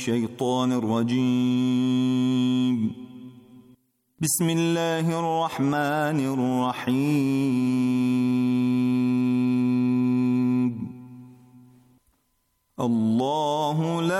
الشيطان الرجيم بسم الله الرحمن الرحيم الله لا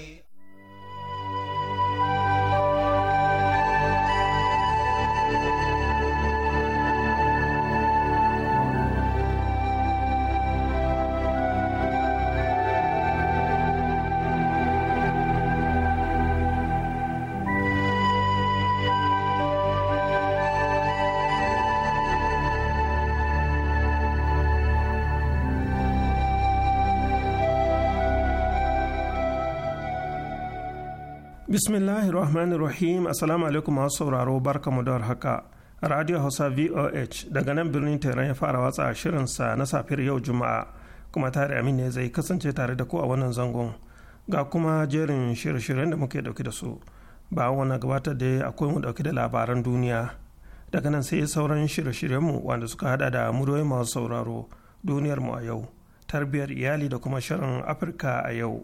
bismillahir rahmanir rahim assalamu alaikum masu sauraro barka mu da haka radio hausa voh daga nan birnin tehran ya fara watsa shirinsa na safiyar yau juma'a kuma tare amin ne zai kasance tare da ku a wannan zangon ga kuma jerin shirye-shiryen da muke dauke da su ba wannan gabatar da akwai mu dauke da labaran duniya daga nan sai sauran shirye shiryen mu wanda suka hada da muryoyi masu sauraro duniyar mu a yau tarbiyar iyali da kuma shirin afirka a yau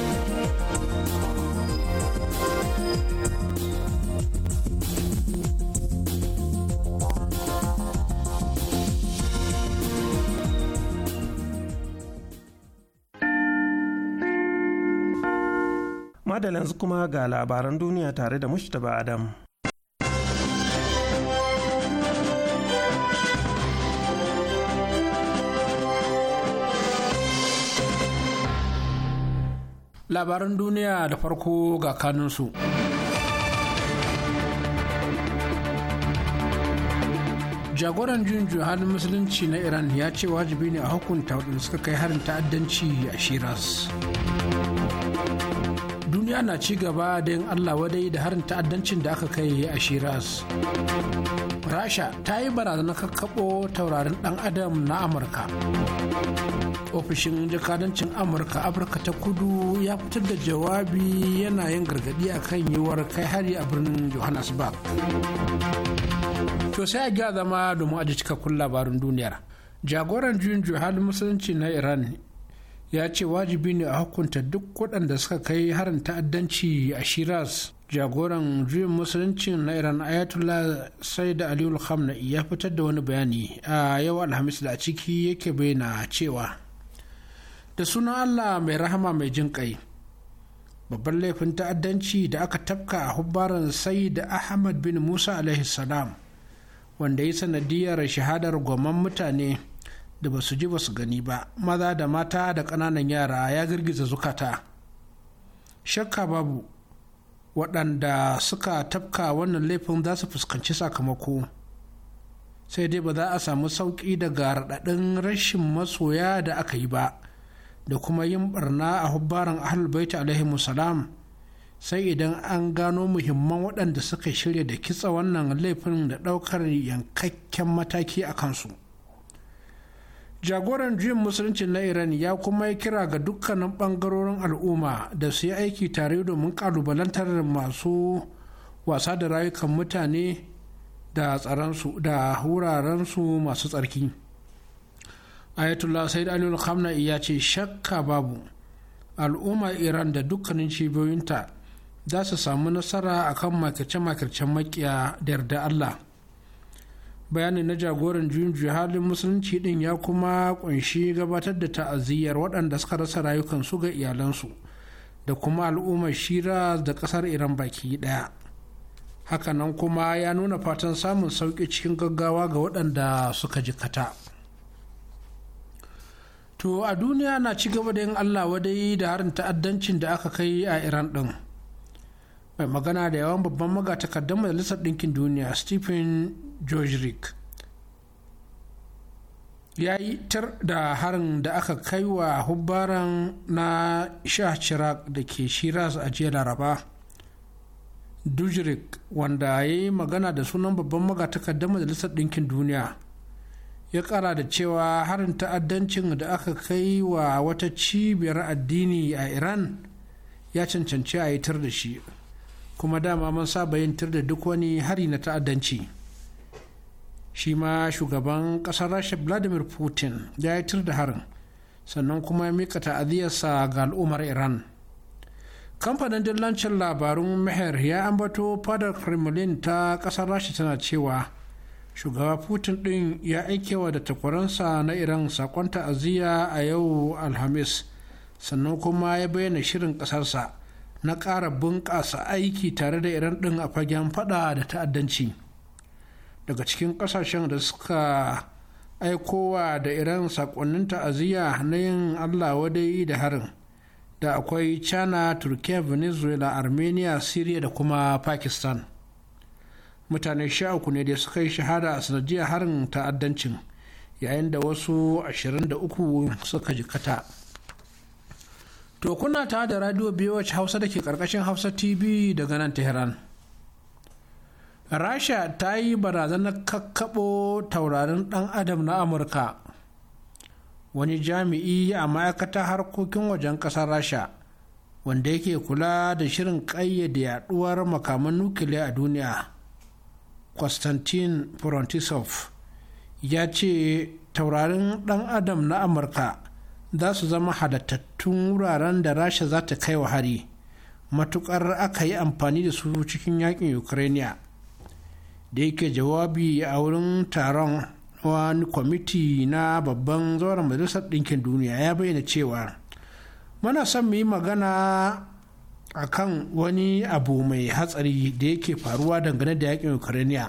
madalla yanzu kuma ga labaran duniya tare da mushtaba adam labaran duniya da farko ga kanunsu jagoran junju halin musulunci na iran ya ce wajibi ne a hukunta waɗanda suka kai harin ta'addanci a shiras duniya na ci gaba da yin allah wadai da harin ta'addancin da aka kai a shiraz rasha ta yi barazanar kakkaɓo taurarin ɗan adam na amurka ofishin jakadancin amurka afirka ta kudu ya fitar da jawabi yana yin gargadi akan yiwuwar kai hari a birnin johannesburg to sai a gya zama domin aji cikakkun labarin duniyar jagoran juyin juhal musulunci na iran ya ce wajibi ne a hukunta duk waɗanda suka kai harin ta'addanci a shiraz jagoran juyin musulunci na iran ayatollah sai da aliyu khamna ya fitar da wani bayani a yau alhamis da a ciki yake bayyana cewa da sunan allah mai rahama mai jin kai babban laifin ta'addanci da aka tafka a hubbaran sai da ahmad bin musa alaihi salam wanda ya sanadiyar shahadar goman mutane da ba su ji ba su gani ba maza da mata da ƙananan yara ya girgiza zukata shakka babu waɗanda suka tafka wannan laifin za su fuskanci sakamako sai dai ba za a samu sauƙi daga raɗaɗin rashin masoya da aka yi ba da kuma yin barna a hubbaran ahalbaita alaihimu salam sai idan an gano muhimman waɗanda suka shirya da kitsa wannan laifin da ɗaukar yankakken mataki a kansu jagoran juyin musulunci na iran ya kuma yi kira ga dukkanin bangarorin al'umma da su yi aiki tare domin kalubalantar masu wasa da rayukan mutane da tsaransu da wurarensu masu tsarki ayatollah said aliyu khamna'i ya ce shakka babu al'umma iran da dukkanin cibiyoyinta za su samu nasara akan makirce-makircen makiya da yarda allah bayanin na jagoran juyin halin musulunci din ya kuma kunshi gabatar da ta'aziyyar waɗanda suka rasa rayukansu ga iyalansu da kuma al'ummar shira da ƙasar iran baki ɗaya hakanan kuma ya nuna fatan samun sauƙi cikin gaggawa ga waɗanda suka jikata to a duniya na ci gaba da yin allah wadai da harin ta'addancin da aka kai a iran ɗin mai magana da yawan babban magatakardar majalisar ɗinkin duniya stephen rick ya yi tar da harin da aka kai wa hubbaran na shah chirac da ke shiras a jiya laraba dujirik wanda ya yi magana da sunan babban magatakardar majalisar ɗinkin duniya ya kara da cewa harin ta'addancin da aka kai wa wata cibiyar addini a iran ya cancanci a yi tar da shi kuma dama mun saba yin tir da duk wani hari na ta'addanci shi ma shugaban kasar rasha vladimir putin ya yi tir da harin sannan kuma ya mika ta'adiyarsa ga al'ummar iran kamfanin dillancin labarun meher ya ambato fadar kremlin ta kasar rasha tana cewa shugaba putin ɗin ya aikewa da takwaransa na iran sakon ta'aziyya a yau alhamis sannan kuma ya bayyana shirin ƙasarsa na ƙara bunƙasa aiki tare da iran ɗin a fagen fada da ta'addanci daga cikin ƙasashen da suka aikowa da iran saƙonnin ta'aziyya na yin allah wadai da harin da akwai china turkiya venezuela armenia syria da kuma pakistan mutane sha uku ne da suka yi shahada a sanadiyar harin ta'addancin yayin da wasu 23 suka jikata. To kuna ta da radio BOH Hausa da ke karkashin Hausa TV daga nan Tehran. Rasha ta yi barazanar kakkaɓo taurarin ɗan adam na Amurka. Wani jami'i a ma'aikatar harkokin wajen ƙasar Rasha, wanda yake kula da shirin ƙayyade yaɗuwar makaman nukiliya a duniya, Konstantin Prontisov, ya ce taurarin ɗan adam na Amurka. za su zama halattattun wuraren da rasha za ta kai wa hari matukar aka yi amfani da su cikin yakin ukraine da yake jawabi a wurin taron wani kwamiti na babban zauren majalisar ɗinkin duniya ya bayyana cewa muna son mu yi magana a kan wani abu mai hatsari da yake faruwa dangane da yakin ukraine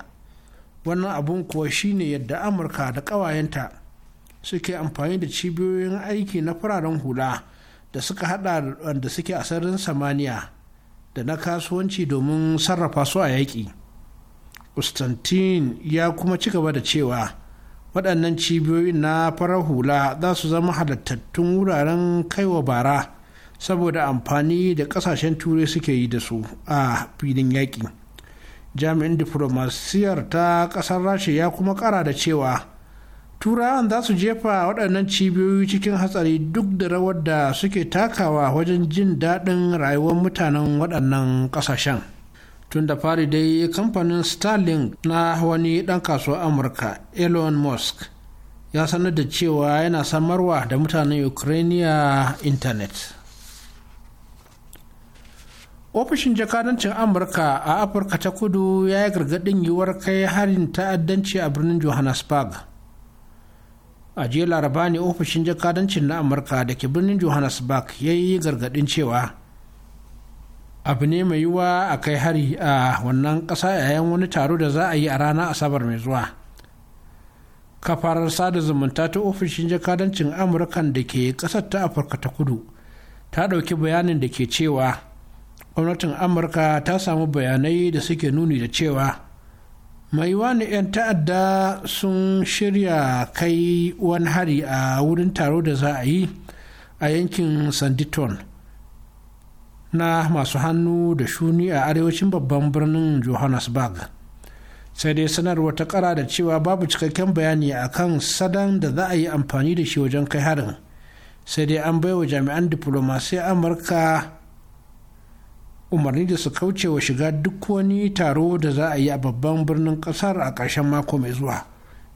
wannan abun kuwa shine yadda amurka da ƙawayenta suke amfani da cibiyoyin aiki na fararen hula da suka hada wanda suke a sararin samaniya da na kasuwanci domin sarrafa su a yaƙi ustantin ya kuma ci gaba da cewa waɗannan cibiyoyin na farar hula za su zama halittattun wuraren kaiwa bara saboda amfani da ƙasashen turai suke yi da su a filin yaƙi jami'in diflomasiyar ta ƙasar rashi ya kuma ƙara da cewa turawan za su jefa waɗannan cibiyoyi cikin hatsari duk da rawar da suke takawa wajen jin daɗin rayuwar mutanen waɗannan ƙasashen tun da fari dai kamfanin starlink na wani ɗan kasuwar amurka elon musk ya sanar da cewa yana samarwa da mutanen ukraine intanet ofishin jakadancin amurka a afirka ta kudu ya yi gargaɗin yiwuwar kai harin ta'addanci a birnin johannesburg a jiya laraba ne ofishin jakadancin na amurka da ke birnin johannesburg ya yi gargadin cewa abu ne mai yiwuwa a kai hari a wannan ƙasa yayin wani taro da za a yi a rana asabar mai zuwa kafarar sada zumunta ta ofishin jakadancin amurkan da ke ƙasar ta afirka ta kudu ta ɗauki bayanin da ke cewa gwamnatin amurka ta samu bayanai da suke nuni da cewa mai wani 'yan ta'adda sun shirya kai wani hari a wurin taro da za a yi a yankin sanditon na masu hannu da shuni a arewacin babban birnin johannesburg sai dai sanarwa ta kara da cewa babu cikakken bayani a kan sadan da za a yi amfani da shi wajen kai harin sai dai an baiwa jami'an diflomasiyar amurka umarni da su kauce wa shiga duk wani taro da za a yi a babban birnin kasar a ƙarshen mako mai zuwa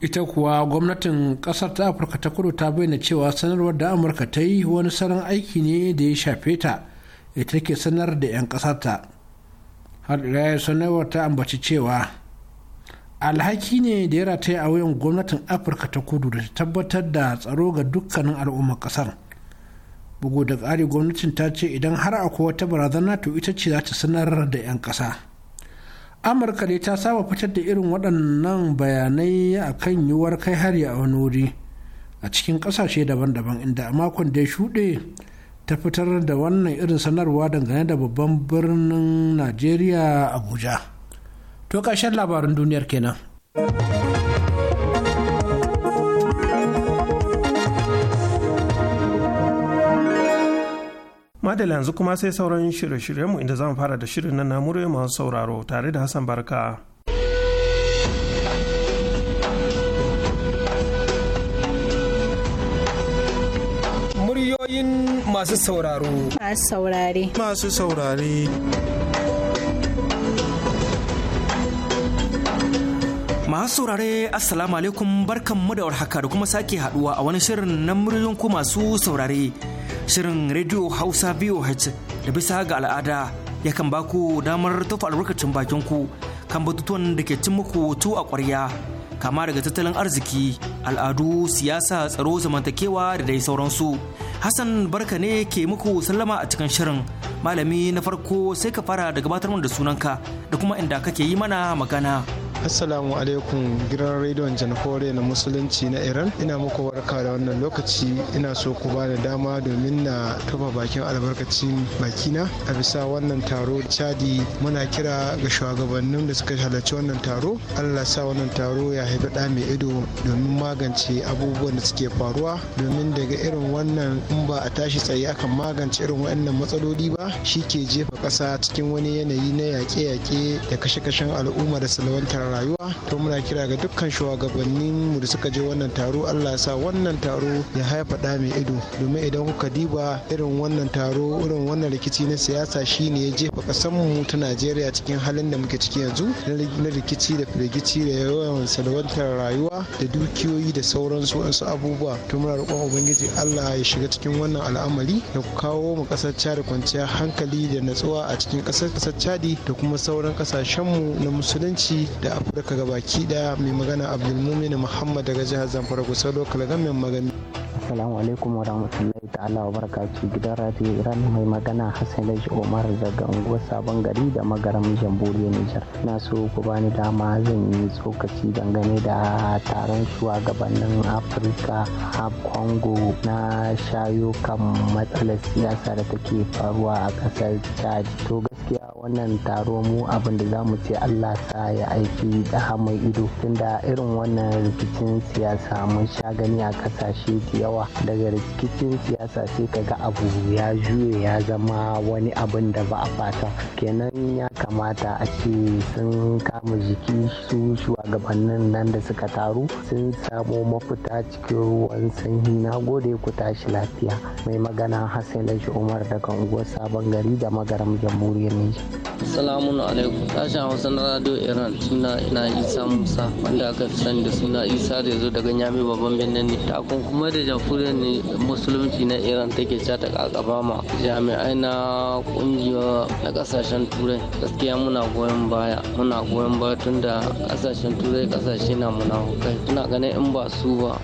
ita kuwa gwamnatin kasar ta afirka ta kudu ta bayyana cewa sanarwar da amurka ta yi wani salon aiki ne da ya shafe ta ita ke sanar da 'yan ta. har ya sanarwar ta ambaci cewa alhaki ne da ya rataya a wuyan gwamnatin afirka ta kudu da ta tabbatar da tsaro ga dukkanin al'ummar ƙasar bugu da ƙari gwamnatin ta ce idan har akwai wata barazana to ita ce za ta sanar da 'yan ƙasa amurka dai ta saba fitar da irin waɗannan bayanai a kan yiwuwar kai hari a wani wuri a cikin ƙasashe daban-daban inda a makon da ya shuɗe ta fitar da wannan irin sanarwa dangane da babban birnin najeriya abuja to ƙarshen labarin duniyar kenan. Madalla yanzu kuma sai sauran shirye-shiryenmu inda zamu fara da shirin na namure masu sauraro tare da hassan barka muryoyin masu sauraro masu saurare masu saurare masu saurare assalamu alaikum barkan mu da warhaka da kuma sake haduwa a wani shirin na muryoyin ku masu saurare Shirin rediyo Hausa VOH da bisa ga al'ada ya yakan baku damar tafa albarkacin bakin ku kan batutuwan da ke cin muku tu a kwarya kama daga tattalin arziki, al'adu, siyasa, tsaro, zamantakewa da dai sauransu. Hassan barka ne ke muku sallama a cikin shirin. Malami na farko sai ka fara da gabatar da sunanka da kuma inda kake yi mana magana. assalamu alaikum gidan rediyon janhore na musulunci na iran ina muku warka da wannan lokaci ina so ku ba da dama domin na tufa bakin albarkacin bakina a bisa wannan taro Cadi muna kira ga shugabannin da suka halarci wannan taro allah sa wannan taro ya haifi da mai ido domin magance abubuwan da suke faruwa domin daga irin wannan in ba a tashi tsaye akan magance irin wannan matsaloli ba shi ke jefa ƙasa cikin wani yanayi na yaƙe-yaƙe da kashe-kashen al'umma da salwantar rayuwa to muna kira ga dukkan shugabannin mu da suka je wannan taro Allah ya sa wannan taro ya haifa da mai ido domin idan kuka diba irin wannan taro irin wannan rikici na siyasa shine ya jefa kasar mu ta Najeriya cikin halin da muke ciki yanzu na rikici da firgici da yawan salwantar rayuwa da dukiyoyi da sauran su wasu abubuwa to muna roƙon ubangiji Allah ya shiga cikin wannan al'amari da kawo mu kasar Chad kwanciyar hankali da natsuwa a cikin kasar kasar Chad da kuma sauran kasashen mu na musulunci da daga gabaki daya mai magana Abdulmumin Muhammad daga jihar Zamfara kusa lokal gamin magani. Assalamu alaikum wa rahmatullahi ta'ala wa barakatu gidan radio Iran mai magana Hassan Laji Omar daga unguwar Sabon Gari da magaram Jamhuriyar Nijar. Na so ku bani dama zan yi tsokaci dangane da taron shugabannin Afirka a Congo na shayo kan matsalar siyasa da take faruwa a kasar Chad. To gaskiya wannan taro mu abin da za mu ce allah sa ya aiki da mai ido tunda irin wannan rikicin siyasa mun sha gani a kasashe da yawa daga rikicin siyasa sai kaga abu ya juye ya zama wani abin da ba a fata kenan ya kamata a ce sun kama jiki su shugabannin nan da suka taru sun samo mafita cikin ruwan sanyi na gode ku tashi lafiya mai magana hassan umar daga unguwar sabon gari da magaram jamhuriyar musulmi alaikum sashen Hausa na Radio Iran suna ina Isa Musa wanda aka fi sani da suna Isa da zo daga Nyami babban birnin ne. kuma da jamhuriyar ne musulunci na Iran take ca ta kakaba ma jami'ai na kungiya na kasashen turai gaskiya muna goyon baya muna goyon baya tun da kasashen turai kasashe na munafukai. tuna ganin in ba su ba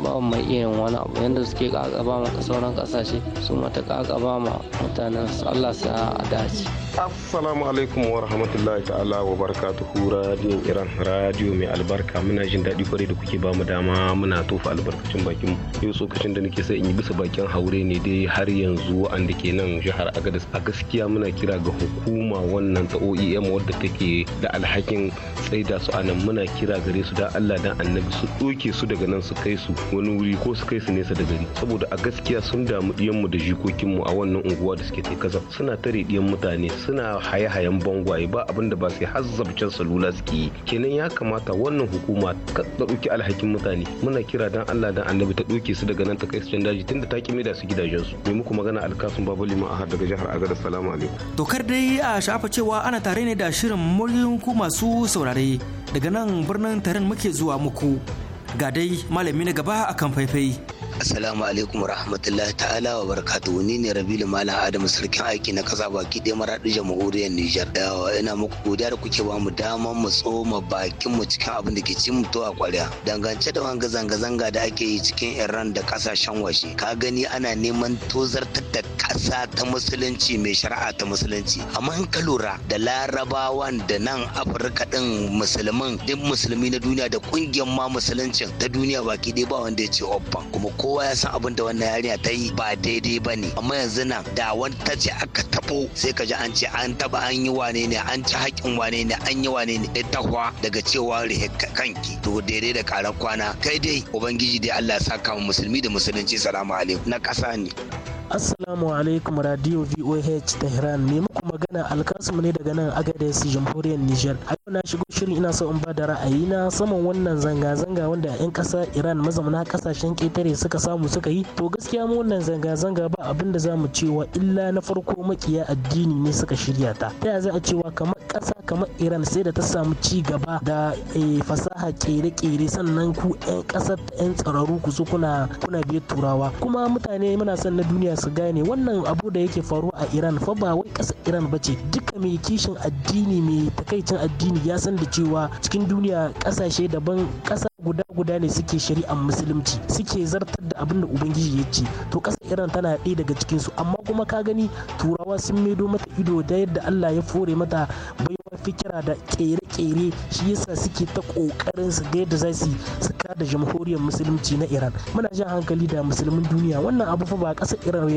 ba mai irin wani abu yadda suke kakaba ma sauran kasashe su mata kakaba ma mutanen su Allah sa a dace. Assalamu alaikum wa rahmatullahi ta'ala wa barakatuhu radio Iran radio mai albarka muna jin daɗi kwarai da kuke bamu dama muna tofa albarkacin bakin yau tsokacin da nake sai in yi bisa bakin haure ne dai har yanzu wa'anda ke nan jihar Agadez a gaskiya muna kira ga hukuma wannan ta OEM wadda take da alhakin tsaida su a nan muna kira gare su da Allah dan annabi su ɗoke su daga nan su kai su wani wuri ko su kai su nesa da gari saboda a gaskiya sun damu mu da jikokin mu a wannan unguwa da suke kasa suna tare diyan mutane suna haye-hayen bangwaye ba abin da ba sai hazzabcin salula suke yi kenan ya kamata wannan hukuma ta ɗauki alhakin mutane muna kira dan Allah dan annabi ta ɗauke su daga nan ta kai su can daji tunda ta kime da su gidajensu mai muku magana alkasun babu liman a daga jihar agada salamu alaikum dokar dai a shafa cewa ana tare ne da shirin muryoyin ku masu saurare daga nan birnin tarin muke zuwa muku ga dai malami na gaba akan faifai. Assalamu alaikum rahmatullahi ta'ala wa barakatu ni ne Rabilu Malam Adamu sarkin aiki na kasa baki ɗaya maraɗi jamhuriyar Nijar. Dawa ina muku godiya da kuke ba mu damar mu tsoma bakin mu cikin abin da ke ci mu to a kwarya. Dangance da wanga zanga-zanga da ake yi cikin Iran da kasashen waje. Ka gani ana neman tozartar da ƙasa ta musulunci mai shari'a ta musulunci. Amma in ka lura da larabawan da nan Afirka ɗin musulmin duk musulmi na duniya da kungiyar ma musuluncin ta duniya baki ɗaya ba wanda ya ce oppan kuma ko kowa ya san abin da wannan yarinya ta yi ba daidai ba ne amma yanzu nan da wani ta ce aka tabo sai ka ji an ce an taba an yi wane ne an ci haƙƙin wane ne an yi wane ne ita kwa daga cewa rihe kanki to daidai da karar kwana kai dai ubangiji dai Allah ya saka mu musulmi da musulunci salamu alaikum na ƙasa ne. Assalamu alaikum Radio VOH Tehran. ne muku magana Alkasum ne daga nan Agadez Jamhuriyar Nijar. A yau na shigo shirin ina so in ba da ra'ayi na saman wannan zanga-zanga wanda 'yan ƙasa Iran mazauna kasashen ƙetare suka samu suka yi. To gaskiya mu wannan zanga-zanga ba abin da za mu cewa illa na farko makiya addini ne suka shirya ta. Ta yaya za a cewa kamar ƙasa kamar Iran sai da ta samu ci gaba da eh, fasaha ƙere-ƙere sannan ku 'yan ƙasar 'yan tsararru ku zo kuna kuna biyar turawa. Kuma mutane muna son na duniya su gane wannan abu da yake faruwa a iran fa ba wai ƙasar iran ba ce duka mai kishin addini mai takaicin addini ya san da cewa cikin duniya ƙasashe daban ƙasa guda guda ne suke shari'ar musulunci suke zartar da abin da ubangiji ya ce to ƙasar iran tana ɗaya daga cikinsu amma kuma ka gani turawa sun maido mata ido da yadda allah ya fore mata baiwa fikira da kere-kere shi yasa suke ta ƙoƙarin su ga yadda za su suka da jamhuriyar musulunci na iran muna jan hankali da musulmin duniya wannan abu fa ba kasa iran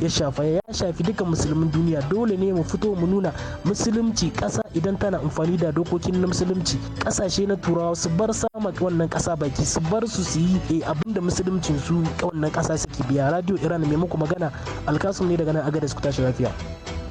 ya shafa ya shafi duka musulmin duniya dole ne mu fito mu nuna musulunci ƙasa idan tana amfani da dokokin na musulunci ƙasashe na turawa su bar sama wannan kasa baki su bar su su yi eh, abin da musuluncin su wannan ƙasa suke biya radiyo iran maimako magana alkasum ne daga nan agadis ku tashi lafiya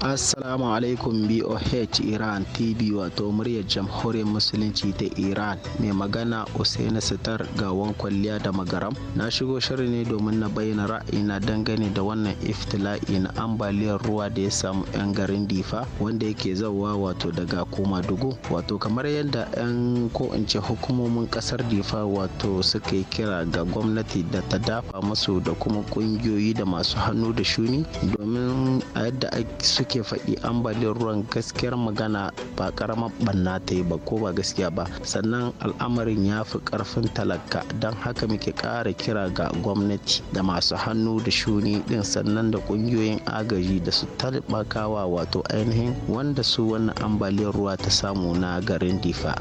Assalamu alaikum BOH Iran TV wato muryar jamhuriyar musulunci ta Iran mai magana Usaina Sitar gawon kwalliya da magaram. Na shigo shirin ne domin na bayyana ra'ayina dangane da wannan iftila'i na ambaliyar ruwa da ya samu 'yan garin Difa wanda yake zauwa wato daga Koma Dugu. Wato kamar yadda 'yan ko in ce hukumomin kasar Difa wato suka yi kira ga gwamnati da ta dafa musu da kuma kungiyoyi da masu hannu da shuni domin a yadda suke ake faɗi ambaliyar ruwan gaskiyar magana ba ƙaramar ɓanna ta yi ba ko ba gaskiya ba sannan al'amarin ya fi ƙarfin talaka don haka muke ƙara kira ga gwamnati da masu hannu da shuni ɗin sannan da ƙungiyoyin agaji da su talbakawa wato ainihin wanda su wannan ambaliyar ruwa ta samu na garin difa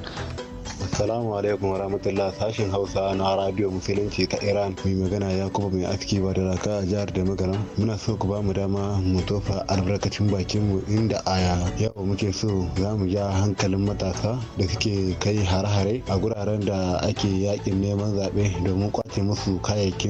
Assalamu alaikum wa rahmatullah sashen Hausa na Radio Musulunci ta Iran mai magana ya kuma mai aski ba da raka a jihar da magana. Muna so ku ba mu dama mu tofa albarkacin bakin mu inda aya yau muke so za mu ja hankalin matasa da suke kai hare-hare a guraren da ake yakin neman zaɓe domin kwace musu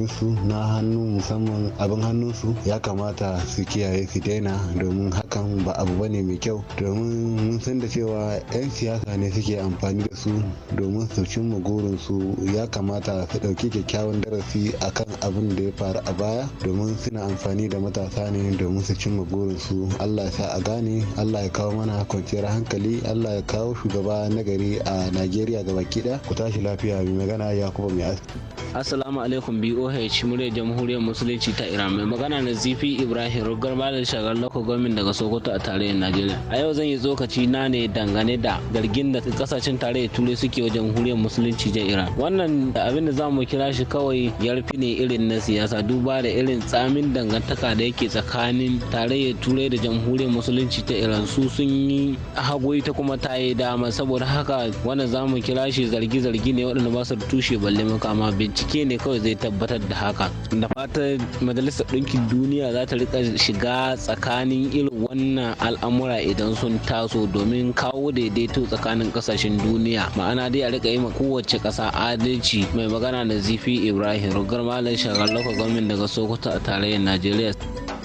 su na hannu musamman abin hannun su ya kamata su kiyaye su daina domin hakan ba abu bane mai kyau domin mun san da cewa 'yan siyasa ne suke amfani da su domin su cimma su ya kamata su ɗauki kyakkyawan darasi akan abin da ya faru a baya domin suna amfani da matasa ne domin su cimma su allah ya sa a gane allah ya kawo mana kwanciyar hankali allah ya kawo shugaba nagari a najeriya gaba kiɗa ku tashi lafiya mai magana ya kuma mai aski assalamu alaikum boh muryar jamhuriyar musulunci ta iran mai magana na zifi ibrahim rugar malam shagar lako gwamnati daga sokoto a tarayyar najeriya a yau zan yi tsokaci na ne dangane da zargin da kasashen tarayyar turai suke wajen huriyar musulunci jan iran wannan abin da za mu kira shi kawai yarfi ne irin na siyasa duba da irin tsamin dangantaka da yake tsakanin tarayyar turai da jamhuriyar musulunci ta iran su sun yi hagoyi ta kuma ta yi dama saboda haka wannan za mu kira shi zargi-zargi ne waɗanda ba su tushe balle makama bincike ne kawai zai tabbatar da haka da fatan majalisar ɗinkin duniya za ta rika shiga tsakanin irin wannan al'amura idan sun taso domin kawo daidaito tsakanin ƙasashen duniya ma'ana rana dai a rika yi ma kowace kasa adalci mai magana da zifi ibrahim rugar malam shagar lokacin gwamnati daga sokoto a tarayyar najeriya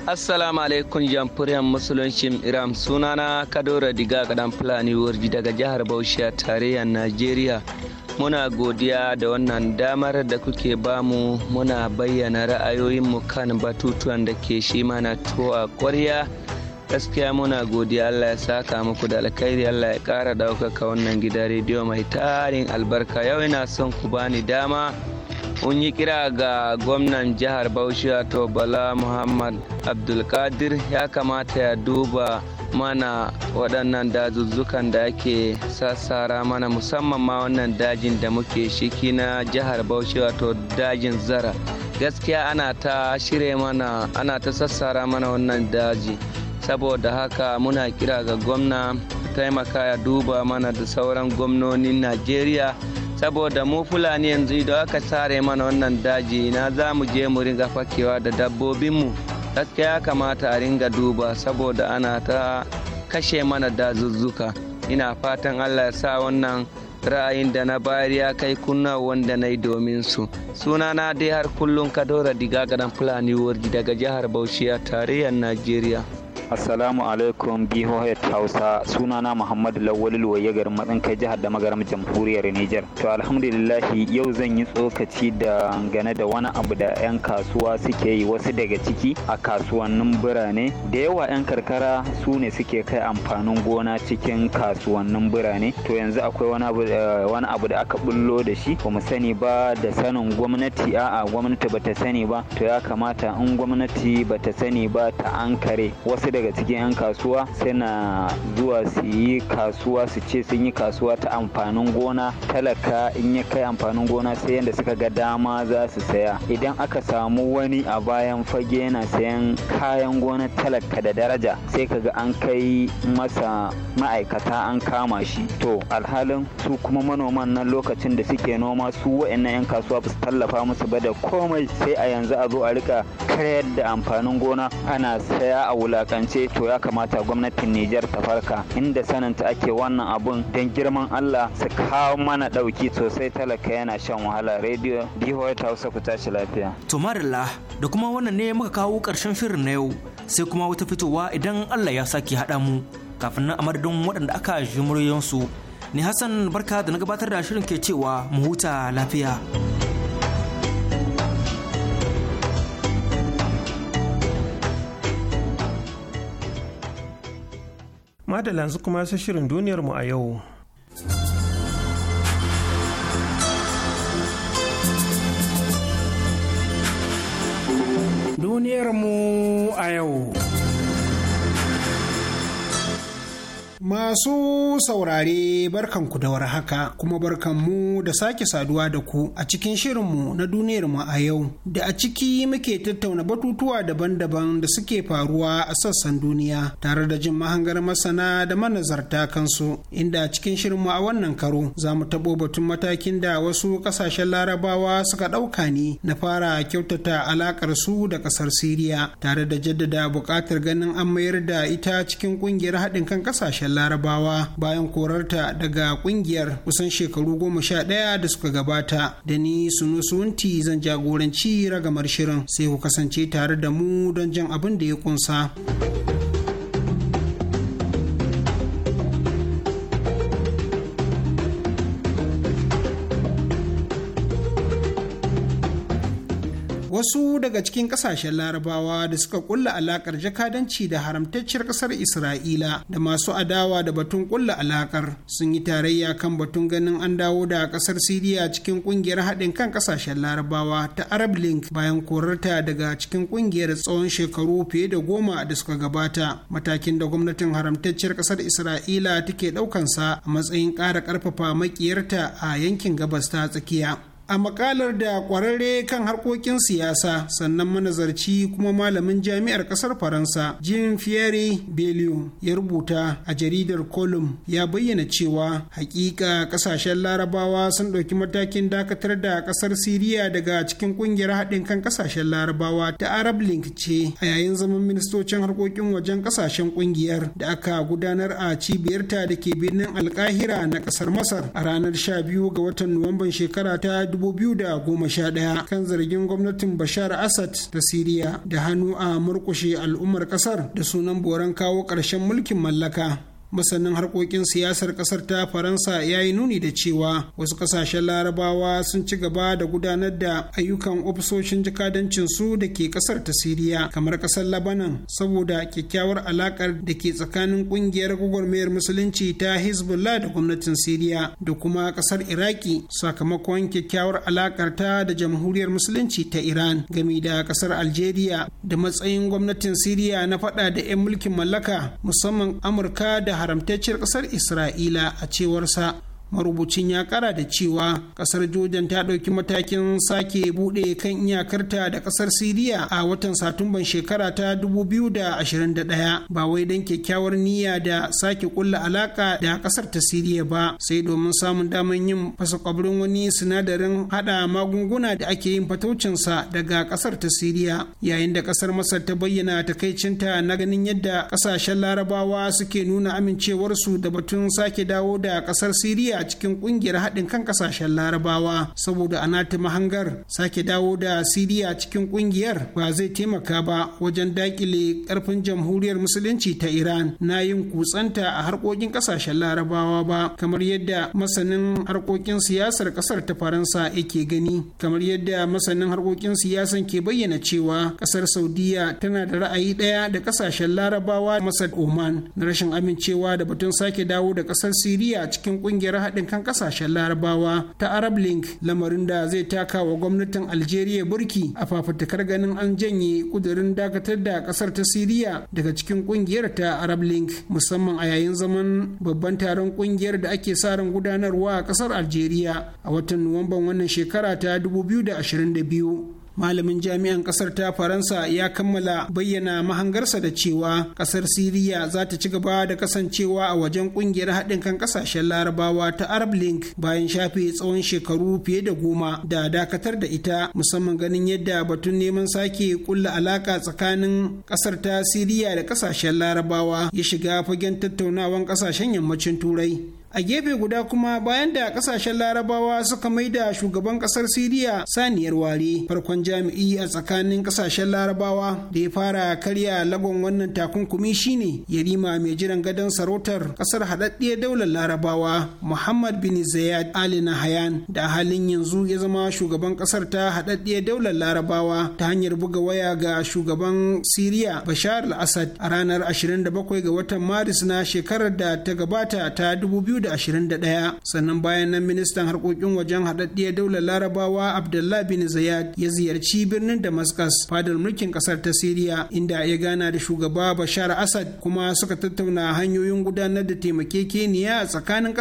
assalamu alaikum jamfuriyar musuluncin iram sunana kadora diga kadan fulani warji daga jihar bauchi a tarayyar najeriya muna godiya da wannan damar da kuke bamu muna bayyana ra'ayoyinmu kan batutuwan da ke shi mana tuwa kwarya gaskiya muna godiya Allah ya saka muku da alkhairi Allah ya kara daukaka wannan gida rediyo mai tarin albarka yau ina son ku bani dama kun yi kira ga gwamnan jihar Bauchi to Bala Muhammad Abdulkadir ya kamata ya duba mana waɗannan dazuzzukan da ake sassara mana musamman ma wannan dajin da muke shiki na jihar Bauchi wato dajin Zara gaskiya ana ta shirye mana ana ta sassara mana wannan daji saboda haka muna kira ga gwamna taimaka ya duba mana da sauran gwamnonin najeriya saboda mu fulani yanzu idan aka sare mana wannan daji na za mu je mu ringa fakewa da dabbobinmu gaskiya kamata a ringa duba saboda ana ta kashe mana dazuzzuka ina fatan allah ya sa wannan ra'ayin da na bayar ya kai kunna wanda na yi domin su Suna na dai har kullum kadora diga gadan fulani warji daga jihar bauchi a tarayyar najeriya Assalamu alaikum BOH Hausa sunana Muhammadu Lawal Luwaye garin Matsinkai jihar da magaram jamhuriyar Nijar. To alhamdulillah yau zan yi tsokaci da gane da wani abu da 'yan kasuwa suke yi wasu daga ciki a kasuwannin birane. Da yawa 'yan karkara su ne suke kai amfanin gona cikin kasuwannin birane. To yanzu akwai eh, wani abu da aka bullo da shi ba mu sani ba da sanin gwamnati a'a gwamnati bata sani ba to ya kamata in gwamnati bata sani ba ta ankare wasu daga cikin 'yan kasuwa suna zuwa su yi kasuwa su ce sun yi kasuwa ta amfanin gona talaka in ya kai amfanin gona sai yadda suka ga dama za su saya idan aka samu wani a bayan fage yana sayan kayan gona talaka da daraja sai ka ga an kai masa ma'aikata an kama shi to alhalin su kuma manoman nan lokacin da suke noma su wa'annan 'yan kasuwa ba su tallafa musu ba da komai sai a yanzu a zo a rika karyar da amfanin gona ana saya a wulakan ce to ya kamata gwamnatin Nijar ta farka inda sananta ake wannan abun don girman Allah su kawo mana ɗauki sosai talaka yana shan wahala rediyo bihoyi ta hausa ku tashi lafiya. To marilla da kuma wannan ne muka kawo ƙarshen shirin na yau sai kuma wata fitowa idan Allah ya sake haɗa mu kafin nan a madadin waɗanda aka ji muryoyinsu. Ni Hassan barka da na gabatar da shirin ke cewa mu huta lafiya. madalla yanzu kuma sai shirin duniyar mu a yau duniyar mu a yau Masu saurare barkanku da war haka kuma barkanmu da sake saduwa da ku a cikin shirinmu na duniyarmu a yau da a ciki muke tattauna batutuwa daban-daban da suke faruwa a sassan duniya tare da jin mahangar masana da manazarta kansu inda a cikin shirinmu a wannan karo za mu taɓo batun matakin da wasu ƙasashen larabawa suka ɗauka ne na fara kyautata alaƙar su da ƙasar siriya tare da jaddada buƙatar ganin an mayar da ita cikin ƙungiyar haɗin kan ƙasashen ƙasashen larabawa bayan korarta daga ƙungiyar kusan shekaru goma sha ɗaya da suka gabata da ni suno sunti zan jagoranci ragamar shirin sai ku kasance tare da mu don jan abin da ya kunsa. wasu daga cikin kasashen larabawa da suka kulla alakar jakadanci da haramtacciyar kasar isra'ila da masu adawa da batun kulla alakar sun yi tarayya kan batun ganin an dawo da kasar siriya cikin kungiyar haɗin kan kasashen larabawa ta arab link bayan korarta daga cikin kungiyar tsawon shekaru fiye da goma da suka gabata matakin da gwamnatin haramtacciyar kasar isra'ila take ɗaukansa a matsayin ƙara ƙarfafa makiyarta a yankin gabas ta tsakiya a makalar da kwararre kan harkokin siyasa sannan manazarci kuma malamin jami'ar kasar faransa jean fieri belio ya rubuta a jaridar column ya bayyana cewa hakika kasashen larabawa sun ɗauki matakin dakatar da kasar siriya daga cikin kungiyar haɗin kan kasashen larabawa ta arab link ce a yayin zaman ministocin harkokin wajen kasashen kungiyar da aka gudanar a cibiyarta da ke birnin alkahira na kasar masar a ranar 12 ga watan nuwamban shekara ta 2011 kan zargin gwamnatin Bashar Assad ta Siriya da hannu a murkushe al'ummar kasar da sunan boran kawo ƙarshen mulkin mallaka. masanin harkokin siyasar kasar ta faransa ya yi nuni da cewa wasu kasashen larabawa sun ci gaba da gudanar da ayyukan ofisoshin jikadancin su da ke kasar ta siriya kamar kasar labanan saboda kyakkyawar alakar da ke tsakanin kungiyar gwagwarmayar musulunci ta hezbollah da gwamnatin siriya da kuma kasar iraki sakamakon kyakkyawar alakar ta da jamhuriyar musulunci ta iran game da kasar algeria da matsayin gwamnatin siriya na fada da 'yan mulkin mallaka musamman amurka da haramtacciyar ƙasar isra'ila a cewarsa marubucin ya kara da cewa kasar jordan ta ɗauki matakin sake buɗe kan iyakarta da kasar siriya a watan satumban shekara ta 2021 ba wai don kyakkyawar niyya da sake kulla alaka da kasar ta siriya ba sai domin samun damar yin fasa kwabrin wani sinadarin hada magunguna da ake yin fataucinsa daga kasar ta siriya yayin da kasar masar ta bayyana takaicinta na ganin yadda kasashen larabawa suke nuna amincewarsu da batun sake dawo da kasar siriya a cikin kungiyar haɗin kan ƙasashen larabawa saboda anati mahangar sake dawo da siriya cikin kungiyar ba zai taimaka ba wajen daƙile ƙarfin jamhuriyar musulunci ta iran na yin kutsanta a harkokin ƙasashen larabawa ba kamar yadda masanin harkokin siyasar ƙasar ta faransa yake gani kamar yadda masanin harkokin siyasan ke bayyana cewa ƙasar saudiya tana da ra'ayi ɗaya da ƙasashen larabawa da masar oman na rashin amincewa da batun sake dawo da ƙasar siriya cikin kungiyar haɗin kan ƙasashen larabawa ta arab link lamarin da zai taka wa gwamnatin algeria burki a fafutukar ganin an janye ƙudurin dakatar da ƙasar ta siriya daga cikin ƙungiyar ta arab link musamman a yayin zaman babban taron ƙungiyar da ake sa ran gudanarwa a ƙasar algeria a watan nuwamban wannan shekara ta 2022 malamin jami'an kasar ta faransa ya kammala bayyana mahangarsa da cewa kasar siriya za ta ci gaba da kasancewa a wajen kungiyar haɗin kan kasashen larabawa ta arab link bayan shafe tsawon shekaru fiye da goma da dakatar da ita musamman ganin yadda batun neman sake kulla alaka tsakanin kasar ta siriya da kasashen larabawa ya shiga fagen tattaunawan kasashen yammacin turai a gefe guda kuma bayan da kasashen larabawa suka maida shugaban kasar siriya saniyar ware farkon jami'i a tsakanin kasashen larabawa da ya fara karya lagon wannan takunkumi shine yarima mai jiran gadon sarautar kasar haɗaɗɗiyar daular larabawa muhammad bin zayed ali Hayan, da halin yanzu ya zama shugaban kasar ta haɗaɗɗiyar daular larabawa ta hanyar buga waya ga shugaban siriya bashar al-assad a ranar 27 ga watan maris na shekarar da ta gabata ta 2000 2021 sannan bayan nan ministan harkokin wajen haɗaɗɗiyar daular larabawa abdullah bin zayad ya ziyarci birnin damascus fadar mulkin ƙasar ta siriya inda ya gana da shugaba bashar asad kuma suka tattauna hanyoyin gudanar da taimakekeniya a tsakanin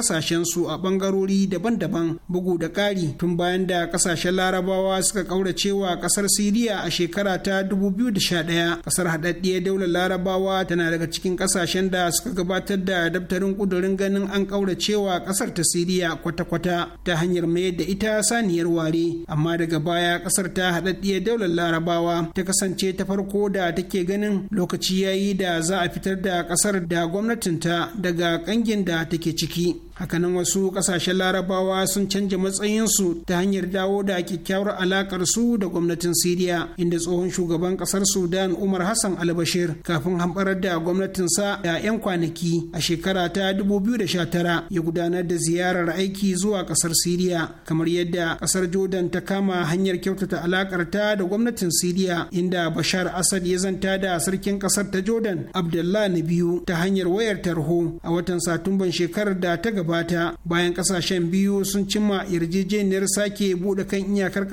su a ɓangarori daban-daban bugu da ƙari tun bayan da ƙasashen larabawa suka ƙauracewa ƙasar siriya a shekara ta 2011 ƙasar haɗaɗɗiyar daular larabawa tana daga cikin ƙasashen da suka gabatar da daftarin ƙudurin ganin an ƙaura cewa ƙasar ta siriya kwata-kwata ta hanyar mayar da ita saniyar ware amma daga baya ƙasar ta haɗaɗɗiyar daular larabawa ta kasance ta farko da take ganin lokaci yayi da za a fitar da ƙasar da gwamnatinta daga kangin da take ciki hakanan wasu kasashen larabawa sun canja matsayinsu ta hanyar dawo da kyakkyawar alakar su da gwamnatin siriya inda tsohon shugaban kasar sudan umar hassan albashir kafin hamɓarar da gwamnatinsa da 'yan kwanaki a shekara ta 2019 ya gudanar da ziyarar aiki zuwa kasar siriya kamar yadda kasar jordan ta kama hanyar kyautata alakar ta da gwamnatin siriya inda bashar asad ya zanta da sarkin kasar ta jordan abdullah na biyu ta hanyar wayar tarho a watan satumban shekarar da ta gaba gabata bayan kasashen biyu sun cimma yarjejeniyar sake buɗe kan iyakar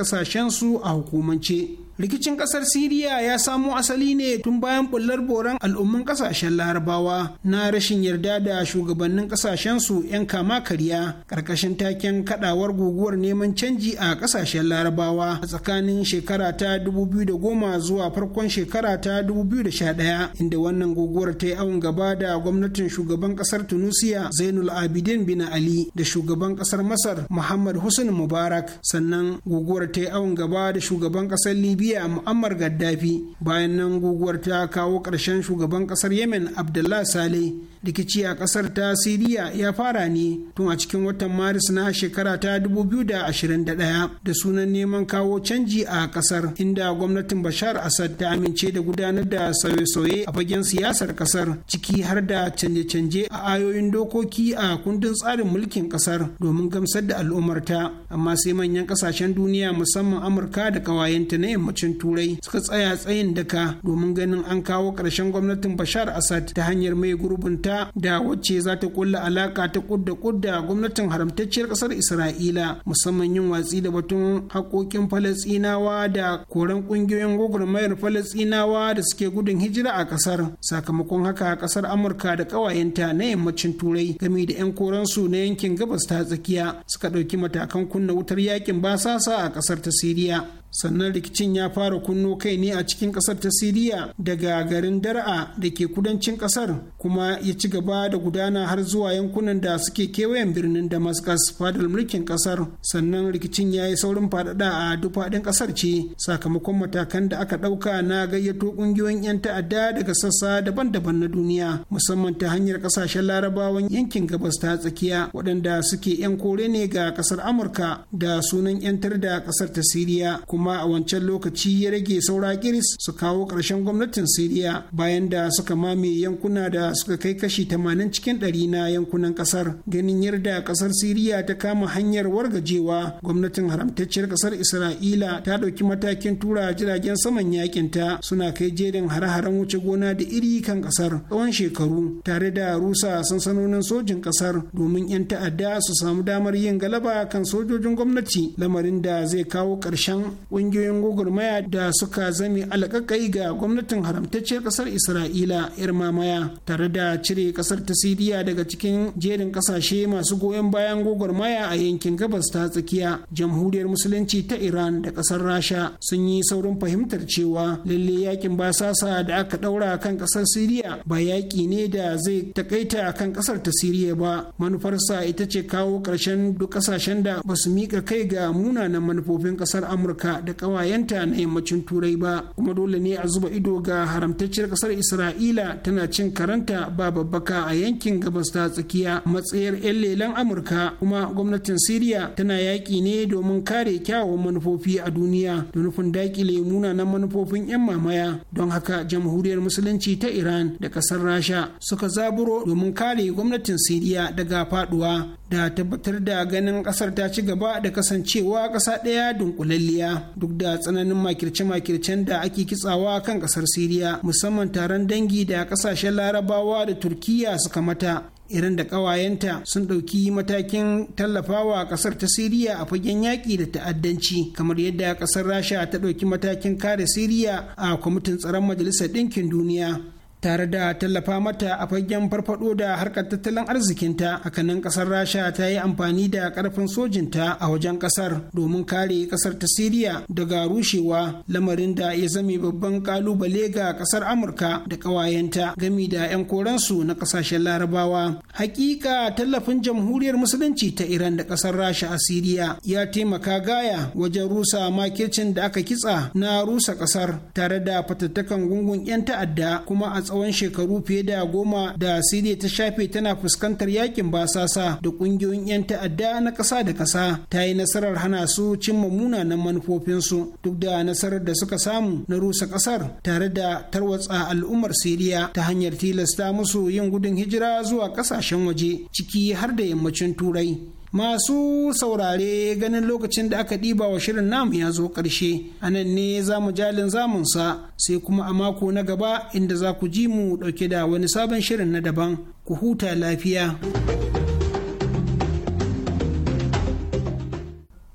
su a hukumance rikicin kasar siriya ya samo asali ne tun bayan bullar boran al'ummun kasashen larabawa na rashin yarda da shugabannin kasashensu 'yan kama karya karkashin taken kadawar guguwar neman canji a kasashen larabawa a tsakanin shekara ta 2010 zuwa farkon shekara ta 2011 inda wannan guguwar ta yi awon gaba da gwamnatin shugaban kasar tunisia zainul abidin bin ali da shugaban kasar masar muhammad hussein mubarak sannan guguwar ta yi awon gaba da shugaban kasar libya libya mu'ammar gaddafi bayan nan guguwar ta kawo ƙarshen shugaban ƙasar yemen abdullah sale. rikici a kasar ta siriya ya fara ne tun a cikin watan maris na shekara ta 2021 da sunan neman kawo canji a kasar inda gwamnatin bashar asad ta amince da gudanar da sauye-sauye a fagen siyasar kasar ciki har da canje-canje a ayoyin dokoki a kundin tsarin mulkin kasar domin gamsar da al'ummarta amma sai manyan kasashen duniya musamman amurka da kawayenta na yammacin turai suka tsaya tsayin daka domin ganin an kawo ƙarshen gwamnatin bashar asad ta hanyar mai gurbin ta. da wacce za ta kulla alaka ta kudda kudda gwamnatin haramtacciyar kasar isra'ila musamman yin watsi da batun haƙoƙin falasinawa da koren ƙungiyoyin gwagwarmayar falasinawa da suke gudun hijira a kasar sakamakon haka kasar amurka da ƙawayenta na yammacin turai gami da 'yan koransu na yankin gabas ta tsakiya suka ɗauki matakan kunna wutar yakin basasa a kasar ta siriya sannan rikicin ya fara kunno kai ne a cikin kasar ta siriya daga garin dar'a da ke kudancin kasar kuma ya ci gaba da gudana har zuwa yankunan da suke kewayen birnin damascus fadar mulkin kasar sannan rikicin ya yi saurin faɗaɗa a duk kasar ce sakamakon matakan da aka ɗauka na gayyato ƙungiyoyin 'yan ta'adda daga sassa daban-daban na duniya musamman ta hanyar ƙasashen larabawan yankin gabas ta tsakiya waɗanda suke 'yan kore ne ga ƙasar amurka da sunan 'yantar da ƙasar ta siriya kuma kuma a wancan lokaci ya rage saura kiris su kawo ƙarshen gwamnatin siriya bayan da suka mame yankuna da suka kai kashi 80 cikin ɗari na yankunan ƙasar ganin yarda ƙasar siriya ta kama hanyar wargajewa gwamnatin haramtacciyar ƙasar isra'ila ta ɗauki matakin tura jiragen saman yakin ta suna kai jerin hare-haren wuce gona da iri kan ƙasar tsawon shekaru tare da rusa sansanonin sojin ƙasar domin 'yan ta'adda su samu damar yin galaba kan sojojin gwamnati lamarin da zai kawo ƙarshen ƙungiyoyin gwagwarmaya da suka zame alƙaƙai ga gwamnatin haramtacciyar ƙasar isra'ila yar mamaya tare da cire ƙasar ta siriya daga cikin jerin ƙasashe masu goyon bayan gwagwarmaya a yankin gabas ta tsakiya jamhuriyar musulunci ta iran da ƙasar rasha sun yi saurin fahimtar cewa lalle yakin basasa da aka ɗaura kan ƙasar siriya ba yaƙi ne da zai takaita kan ƙasar ta siriya ba manufarsa ita ce kawo ƙarshen duk ƙasashen da ba su miƙa kai ga munanan manufofin ƙasar amurka da ƙawayenta na yammacin turai ba kuma dole ne a zuba ido ga haramtacciyar ƙasar isra'ila tana cin karanta ba babbaka a yankin gabas ta tsakiya matsayar 'yan lelen amurka kuma gwamnatin siriya tana yaƙi ne domin kare kyawawan manufofi a duniya da nufin daƙile munanan manufofin 'yan mamaya don haka jamhuriyar musulunci ta iran da ƙasar rasha suka zaburo domin kare gwamnatin siriya daga faduwa da tabbatar da ganin kasar ta ci gaba da kasancewa ƙasa ɗaya dunkulalliya duk da tsananin makirce-makircen da ake kitsawa kan ƙasar siriya musamman taron dangi da ƙasashen larabawa da turkiya suka mata irin da ƙawayenta sun ɗauki matakin tallafawa ƙasar ta siriya a fagen yaƙi da ta'addanci kamar yadda ƙasar rasha ta ɗauki matakin kare siriya a kwamitin tsaron majalisar ɗinkin duniya tare da tallafa mata a fagen farfado da harkar tattalin arzikinta hakanan kasar rasha ta yi amfani da karfin sojinta a wajen kasar domin kare kasar ta siriya daga rushewa lamarin da ya zame babban kalubale ga kasar amurka da kawayenta gami da 'yan koransu na kasashen larabawa hakika tallafin jamhuriyar musulunci ta iran da kasar rasha a siriya ya taimaka gaya wajen rusa makircin da aka kitsa na rusa kasar tare da fatattakan gungun 'yan ta'adda kuma a tsawon shekaru fiye da goma da siriya ta shafe tana fuskantar yakin basasa da ƙungiyoyin 'yan ta'adda na ƙasa da ƙasa ta yi nasarar hana su cimma munanan manufofinsu duk da nasarar da suka samu na rusa ƙasar tare da tarwatsa al'ummar siriya ta hanyar tilasta musu yin gudun hijira zuwa ƙasashen waje ciki har da yammacin turai masu saurare ganin lokacin da aka ɗiba wa shirin namu ya zo ƙarshe a nan ne za mu jalin zamunsa sai kuma a mako na gaba inda za ku ji mu ɗauke da wani sabon shirin na daban ku huta lafiya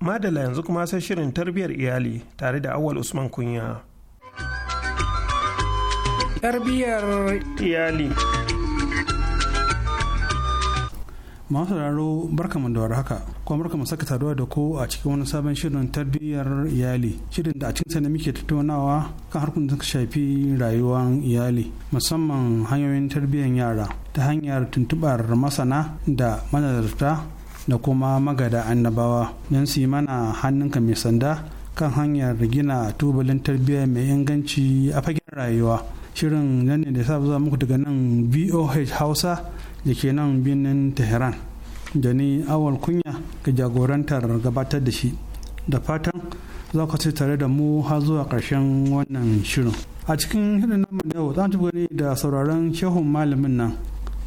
madala yanzu kuma sai shirin tarbiyyar iyali tare da awal usman kunya tarbiyar iyali masu raro barkamu da war haka kuma barkamu saka taruwa da ku a cikin wani sabon shirin tarbiyyar iyali shirin da a cikin sa muke tattaunawa kan harkun da suka shafi rayuwar iyali musamman hanyoyin tarbiyyar yara ta hanyar tuntubar masana da manazarta da kuma magada annabawa don su yi mana hannunka mai sanda kan hanyar gina tubalin tarbiyya mai inganci a fagen rayuwa shirin nan ne da sa za muku daga nan boh hausa da ke nan birnin tehran da ni awal kunya ga jagorantar gabatar da shi da fatan za ku ci tare da mu har zuwa ƙarshen wannan shirin a cikin hidin nan da yau za mu gani da sauraron shehun malamin nan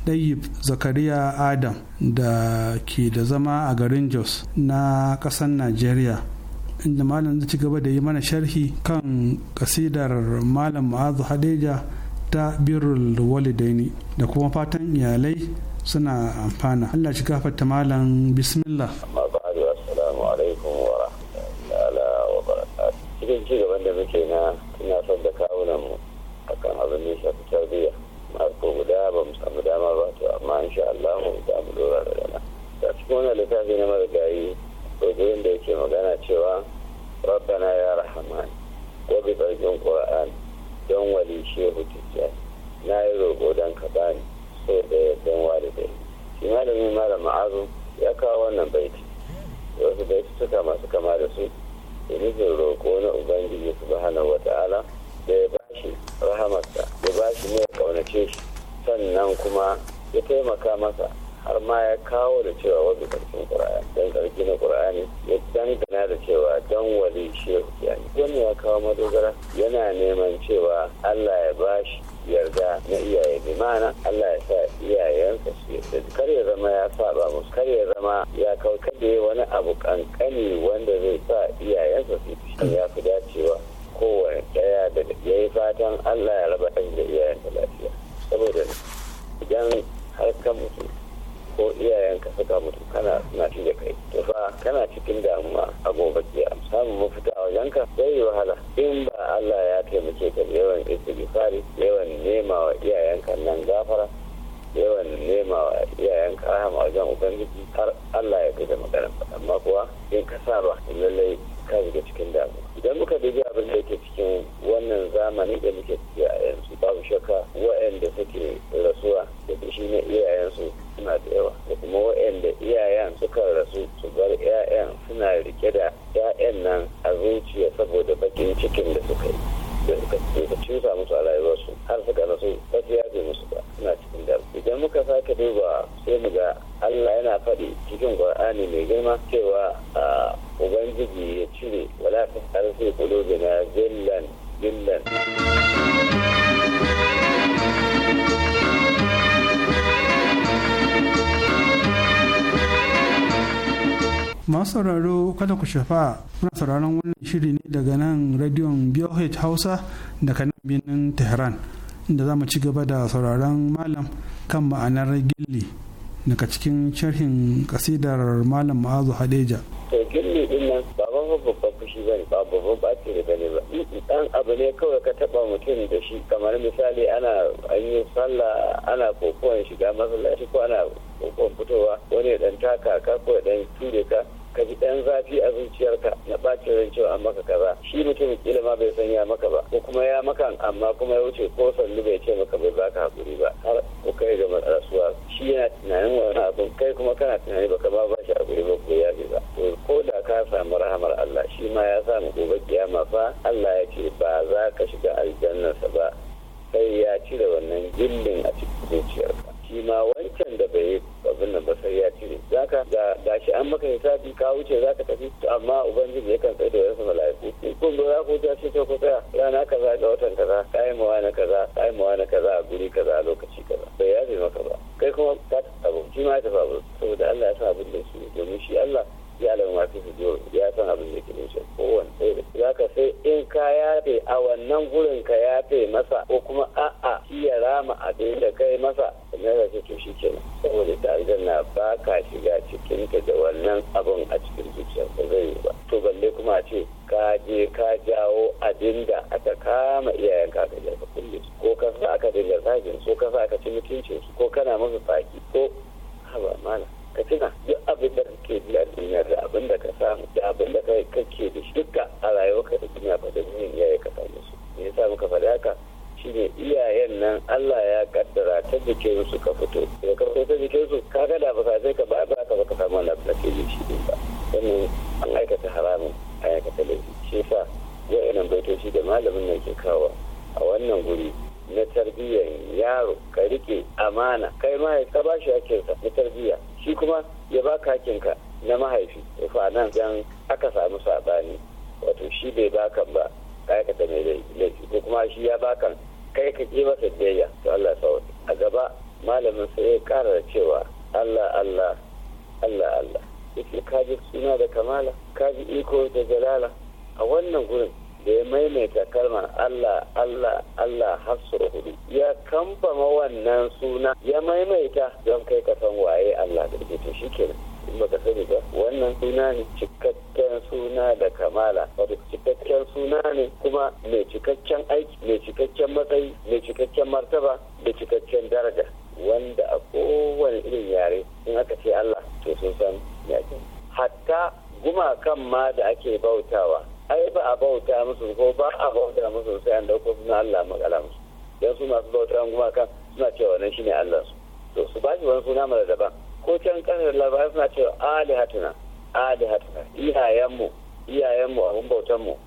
ɗayyib zakariya adam da ke da zama a garin jos na ƙasar najeriya inda malam zai ci gaba da yi mana sharhi kan ƙasidar malam ma'azu hadeja ta birrul walidaini da kuma fatan iyalai suna amfana Allah shi gafarta malam bismillah cikin ci gaban da muke na ina son da kawunan mu akan abin da ta tarbiyya marko guda ba mu samu dama ba to amma insha Allah mu za mu dora da da cikin wannan littafi na marigayi ko da yake magana cewa rabbana ya rahama ko bi tsarkin qur'ani don wani shehu tijjiya na yi roƙo don ka bani so da da yi shi malamin malam ma'azu ya kawo wannan baiti wasu baiti suka masu kama da su da nufin roƙo na ubangiji su hana wata ala da ya bashi rahamarsa ya bashi ne ya kaunace shi sannan kuma ya taimaka masa har ma ya kawo da cewa wani karfin ƙura'ani don ƙarfi na ƙura'ani ya dangana da cewa don wali shehu yani wani ya kawo madogara yana neman cewa allah ya ba shi yarda na iyaye bi mana Allah ya sa iyayensa su yarda kar ya zama ya saba musu kar ya zama ya kawo kada wani abu kankani wanda zai sa iyayensa su yi ya fi dacewa kowane daya da ya yi fatan Allah ya raba da iyayensa lafiya saboda idan har kan mutum ko iyayenka suka mutu kana suna shi da kai to fa kana cikin damuwa a gobe jiya samun mafita a wajenka zai yi wahala in ba Allah ya taimake ka yawan istighfari yawan nema wa iyayenka nan gafara yawan nema wa iyayen rahama wajen ubangiji har Allah ya kai da magana amma kuwa in ka sa ba lallai ka shiga cikin damuwa idan muka bi abin da yake cikin wannan zamani da muke ciki a yanzu babu shakka wa'anda suke rasuwa da fushi na iyayensu suna da yawa da kuma wa'anda iyayen suka rasu su bar 'ya'yan suna rike da 'ya'yan nan a zuciya saboda bakin cikin da suka yi da suka samu musu a rayuwarsu har suka rasu ta su musu ba suna da idan muka sake duba sai mu ga Allah yana faɗi cikin Qur'ani mai girma cewa ubangiji ya cire wala ta tarfi qulubina zillan zillan masu sauraro kada ku shafa muna sauraron wannan shiri ne daga nan radiyon BOH Hausa daga nan birnin Tehran inda za mu ci gaba da sauraron malam kan ma'anar gilli daga cikin sharhin kasidar malam ma'azu hadeja to gilli din nan ba babban babban fushi ba ne ba babban da ba dan abu ne kawai ka taɓa mutum da shi kamar misali ana an sallah ana kokowar shiga masallaci ko ana kokon fitowa wani dan taka ka ko dan ture ka ka ji ɗan zafi a zuciyarka na ɓacin ran cewa maka kaza shi mutum kila ma bai san ya maka ba ko kuma ya maka amma kuma ya wuce ko sannu bai ce maka bai baka haƙuri ba har ku kai ga rasuwa shi yana tunanin wani abin kai kuma kana tunani baka ba ba shi haƙuri ba ko ya ba to ko da ka samu rahamar Allah shi ma ya samu gobe kiyama fa Allah ya ce ba za ka shiga aljannarsa ba sai ya cire wannan gillin a cikin zuciyarka shi ma wancan da bai abin nan ba sai ya cire ka? ga shi an maka hisabi ka wuce zaka tafi amma ubangiji ya kan tsaye da wasu mala'iku in kun zo za ku wuce ce ko tsaya rana kaza da watan kaza yi mawa na kaza yi mawa na kaza a guri kaza a lokaci kaza bai yafe maka ba kai kuma ka abu shi ma ya tafi abu saboda Allah ya sa abin da su domin shi Allah ya'lamu wasu fi ya san abin da ke kowanne sai ka sai in ka yafe a wannan gurin ka yafe masa ko kuma a'a shi ya rama abin da kai masa kuma ya ce to shi kenan saboda ta na ba ka shiga cikin ta da wannan abin a cikin zuciya ba zai yi ba to balle kuma a ce ka je ka jawo abin da aka kama iyayen ka ka jarfa kulle ko ka sa aka dinga zagin ko ka sa aka ci mutuncin ko kana masa faki ko haba ka tuna duk abin da kake ji a duniya da abin da ka samu da abin da kai kake da shi duka a rayuwarka da duniya ba da duniya iyaye ka samu su me yasa muka faɗi haka shine iyayen nan Allah ya kaddara ta jikin su ka fito da ka fito ta jikin su ka ga da ba ka sai ka ba ba ka ba ka samu wannan da ke ji shi din ba wannan an aikata haramun an aikata laifi shi yasa wa'annan baitoci da malamin nan ke kawo a wannan guri na tarbiyyar yaro ka rike amana kai ma ka ba shi hakinsa na tarbiyya shi kuma ya baka kakinka na mahaifi fa nan dan aka samu sabani wato shi bai kan ba ka aikata mai laifi ko kuma shi ya baka kai ka je masa biyayya to Allah sa a gaba malamin sai ya kara cewa Allah Allah Allah Allah yake kaji suna da kamala kaji iko da jalala a wannan gurin da ya maimaita kalmar Allah Allah Allah har hudu ya kambama wannan suna ya maimaita don kai ka san waye Allah da ke shi shikenan in baka sani ba wannan suna ne cikakken suna da kamala wato cikakken suna ne kuma mai cikakken aiki mai cikakken matsayi mai cikakken martaba da cikakken daraja wanda a kowane irin yare in aka ce Allah to sun san yakin hatta gumakan ma da ake bautawa ai ba a bauta musu ko ba a bauta musu sai an dauko suna Allah makala musu dan su masu bauta kuma kan suna cewa wannan shine Allah su to su ba wani suna mara daban ko can kanar labarai suna cewa alihatuna alihatuna iyayenmu iyayenmu bautan bautanmu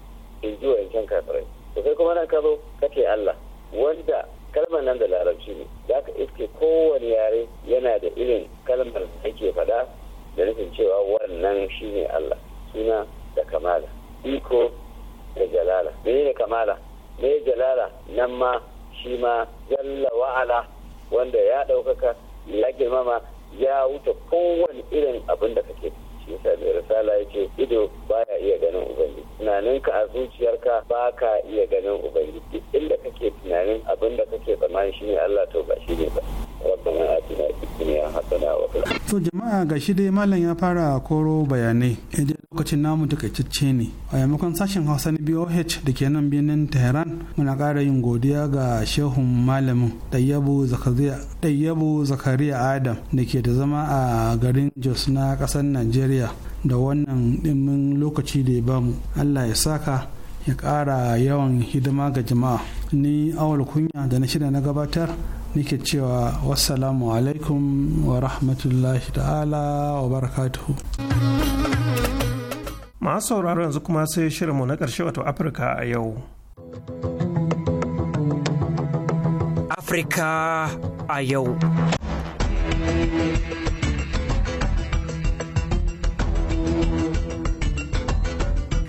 in ji wa yankin kafirai to kai kuma nan ka zo ka ce Allah wanda kalmar nan da larabci ne za ka iske kowane yare yana da irin kalmar da ake faɗa da nufin cewa wannan shine Allah suna da kamala iko da jalala me ne kamala me jalala nan ma shi ma jalla wa'ala wanda ya ɗaukaka ya girmama ya wuce kowane irin abin da kake shi yasa mai risala ya ce ido baya iya ganin ubangiji tunaninka a zuciyarka ba ka iya ganin ubangiji inda kake tunanin abin da kake tsammani ne Allah to ba shi ne ba hasana to jama'a ga shi dai malam ya fara koro bayanai lokacin namu takaitacce ne a yamakon sashen hausa na boh da ke nan birnin tehran muna ƙara yin godiya ga shehun malamin ɗayyabu zakariya adam da ke da zama a garin jos na ƙasar najeriya da wannan ɗimin lokaci da ya bamu allah ya saka ya ƙara yawan hidima ga jama'a ni awal kunya da na shida na gabatar nike cewa wassalamu alaikum wa rahmatullahi ta'ala wa barakatuhu. masu sauraro yanzu kuma sai shirinmu na ƙarshe wato afirka a yau afirka a yau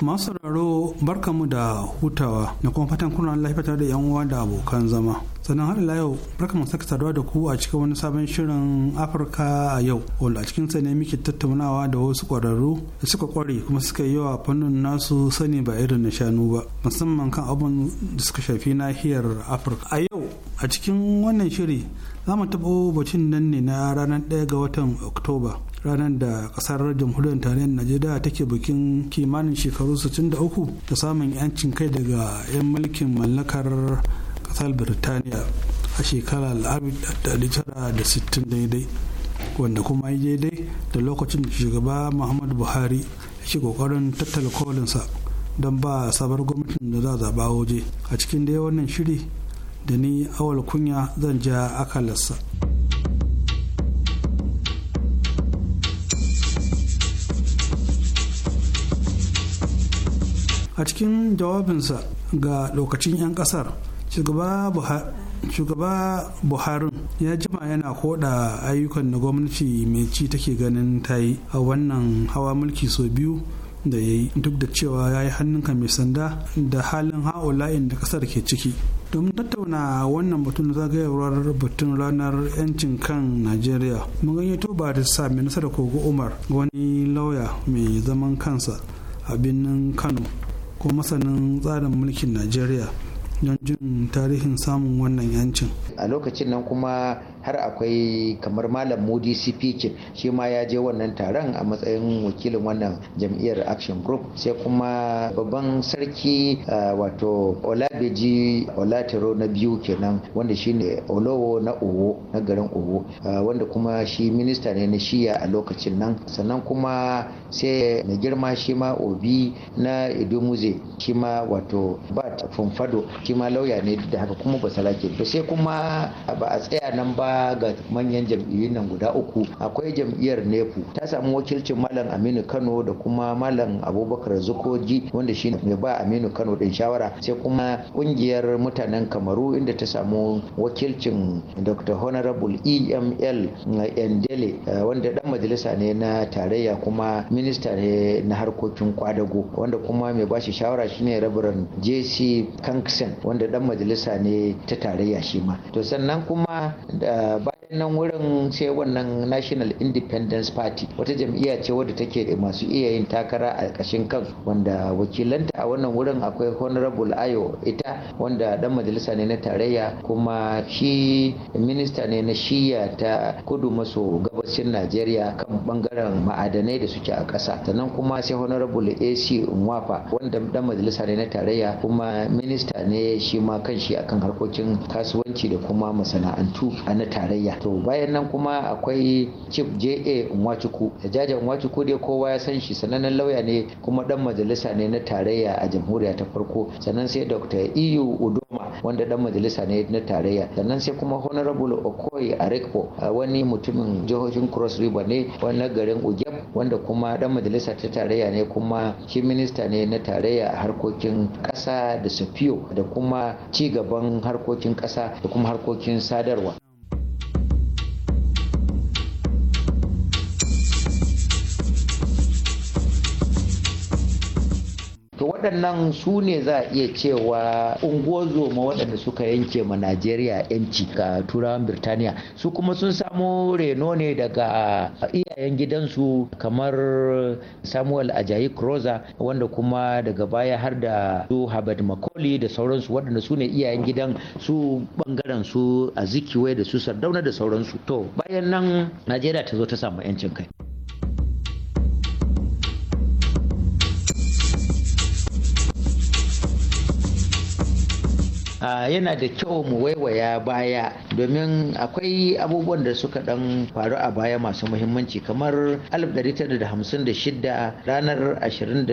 masu sauraro barkamu da hutawa na kuma fatan kuna lafiya da yan uwa da abokan zama sannan har ila yau barkamu saka saduwa da ku a cikin wani sabon shirin afirka a yau wanda a cikin sa ne muke tattaunawa da wasu kwararru da suka kware kuma suka yi wa fannin nasu sani ba irin na shanu ba musamman kan abun da suka shafi nahiyar afirka a yau a cikin wannan shiri za mu taɓo bacin nan ne na ranar 1 ga watan oktoba ranar da kasar jamhuriyar tarayyar najeriya take bikin kimanin shekaru 63 da samun yancin kai daga 'yan mulkin mallakar kasar birtaniya a shekarar 1960 daidai wanda kuma yi daidai da lokacin da shugaba muhammadu buhari yake kokarin tattala kolinsa don ba sabar gwamnatin da za a zaba waje a cikin dai wannan shiri da ni awal kunya zan ja akalarsa. a cikin jawabinsa ga lokacin 'yan kasar shugaba buharin ya jima yana koda ayyukan da gwamnati mai ci take ganin ta yi a wannan hawa mulki sau biyu da ya yi duk da cewa ya yi hannunka mai sanda da halin ha'ula'in da kasar ke ciki domin tattauna wannan batun zagayewar batun ranar 'yancin kan najeriya mun gayyato ba da sami nasara kogo umar wani lauya mai zaman kansa a birnin kano ko masanin tsarin mulkin najeriya don jin tarihin samun wannan yancin a lokacin nan kuma har akwai kamar malam modi cpk shi ma ya je wannan taron a matsayin wakilin wannan jam'iyyar action group sai kuma babban sarki wato olabeji olatero na biyu kenan wanda shine olowo na owo na garin owo wanda kuma shi minista ne na shiya a lokacin nan sannan kuma sai na girma shi ma obi na idumuze shi ma wato bat funfado shi ma lauya ne da haka kuma ba salake to sai kuma ba a tsaya nan ba ga manyan jam'iyyun nan guda uku akwai jam'iyyar nepu ta samu wakilcin malam aminu kano da kuma malam abubakar zukoji wanda shi ne ba aminu kano din shawara sai kuma kungiyar mutanen kamaru inda ta samu wakilcin dr honorable eml endele eh, wanda dan majalisa ne na tarayya kuma minista ne na harkokin kwadago wanda kuma mai bashi shawara shine rabaran jc kanksen wanda dan majalisa ne ta tarayya shi ma to sannan kuma da Uh, baik nan wurin sai wannan national independence party wata jam'iyya ce wadda take masu iya yin takara a ƙashin kansu wanda wakilanta a wannan wurin akwai honorable ayo ita wanda dan majalisa ne na tarayya kuma shi minista ne na shiya ta kudu maso gabashin najeriya kan bangaren ma'adanai da suke a ƙasa sannan kuma sai honorable ac nwafa wanda dan majalisa ne na tarayya kuma minista ne shi ma kan shi akan harkokin kasuwanci da kuma masana'antu a na tarayya to bayan nan kuma akwai chief ja nwachukwu jaja nwachukwu dai kowa ya san shi sanannen lauya ne kuma dan majalisa ne na tarayya a jamhuriya ta farko sannan sai dr iyu udoma wanda dan majalisa ne na tarayya sannan sai kuma honorable okoye arekpo wani mutumin jihohin cross river ne wani garin ugyab wanda kuma dan majalisa ta tarayya ne kuma shi minista ne na tarayya a harkokin kasa da sufiyo da kuma ci gaban harkokin kasa da kuma harkokin sadarwa waɗannan su ne za a iya cewa unguwar zoma waɗanda suka yanke ma najeriya yanci ga turawan birtaniya su kuma sun samo reno ne daga iyayen gidansu kamar samuel ajayi croza wanda kuma daga baya har da su habad makoli da sauransu waɗanda su ne iyayen gidan su ɓangaren su zikiwai da su sardauna da sauransu to bayan nan najeriya ta zo ta samu yancin kai Ah, yana da kyau mu waiwaya baya domin akwai abubuwan da suka dan faru a baya masu muhimmanci kamar 1956 ranar 28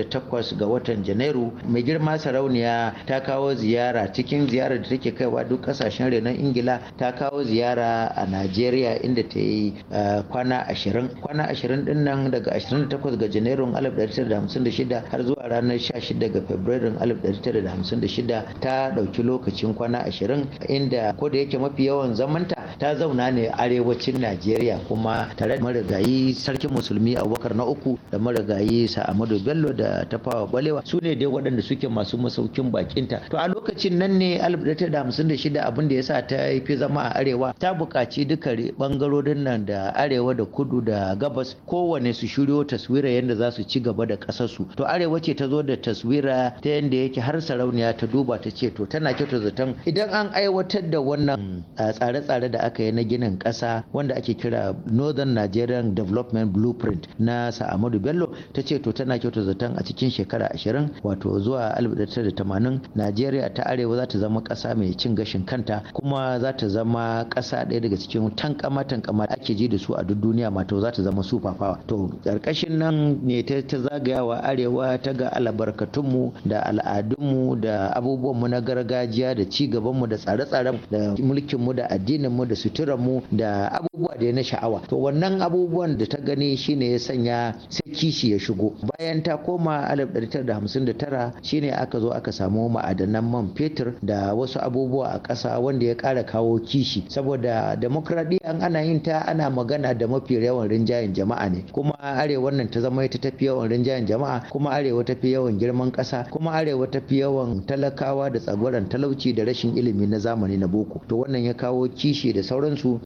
ga watan janairu mai girma sarauniya ta kawo ziyara cikin ziyarar da take kaiwa duk kasashen renon ingila ta kawo ziyara a najeriya inda ta yi ah, kwana 20 kwana 20 din nan daga 28 ga janairun 1956 har zuwa ranar 16 ga fabrairun 1956 ta ɗauki lokaci cikin kwana ashirin inda ko da yake mafi yawan zamanta ta zauna ne arewacin najeriya kuma tare da marigayi sarkin musulmi abubakar na uku da marigayi sa'amadu bello da tafawa balewa su ne dai waɗanda suke masu masaukin bakinta to a lokacin nan ne 1956 abin da ya sa ta fi zama a arewa ta buƙaci duka bangarorin nan da arewa da kudu da gabas kowane su shiryo taswira yadda za su ci gaba da ƙasarsu to arewa ce ta zo da taswira ta yadda yake har sarauniya ta duba ta ce to tana kyauta zaton idan an aiwatar da wannan mm, tsare-tsare da aka yi na ginin ƙasa wanda ake kira Northern Nigerian Development Blueprint na Sa'amadu Bello ta ce to tana kyauta zaton a cikin shekara 20 wato zuwa 1980 Najeriya ta arewa za ta zama ƙasa mai cin gashin kanta kuma za ta zama ƙasa ɗaya daga cikin tankama tankama ake ji da su a duk duniya to za ta zama super power to ƙarƙashin nan ne ta zagayawa arewa ta ga albarkatunmu da al'adunmu da abubuwanmu na gargajiya da ci gabanmu da tsare-tsaren da mulkinmu da addininmu da da suturar mu da abubuwa da ya na sha'awa to wannan abubuwan da ta gani shine ya sanya sai kishi ya shigo bayan ta koma 1959 shine aka zo aka samu ma'adanan man fetur da wasu abubuwa a ƙasa wanda ya ƙara kawo kishi saboda demokradiyyar ana yin ta ana magana da mafi yawan rinjayen jama'a ne kuma arewa nan ta zama ita tafi yawan rinjayen jama'a kuma arewa tafi yawan girman ƙasa kuma arewa tafi yawan talakawa da tsagwaron talauci da rashin ilimi na zamani na boko to wannan ya kawo kishi da 少人出。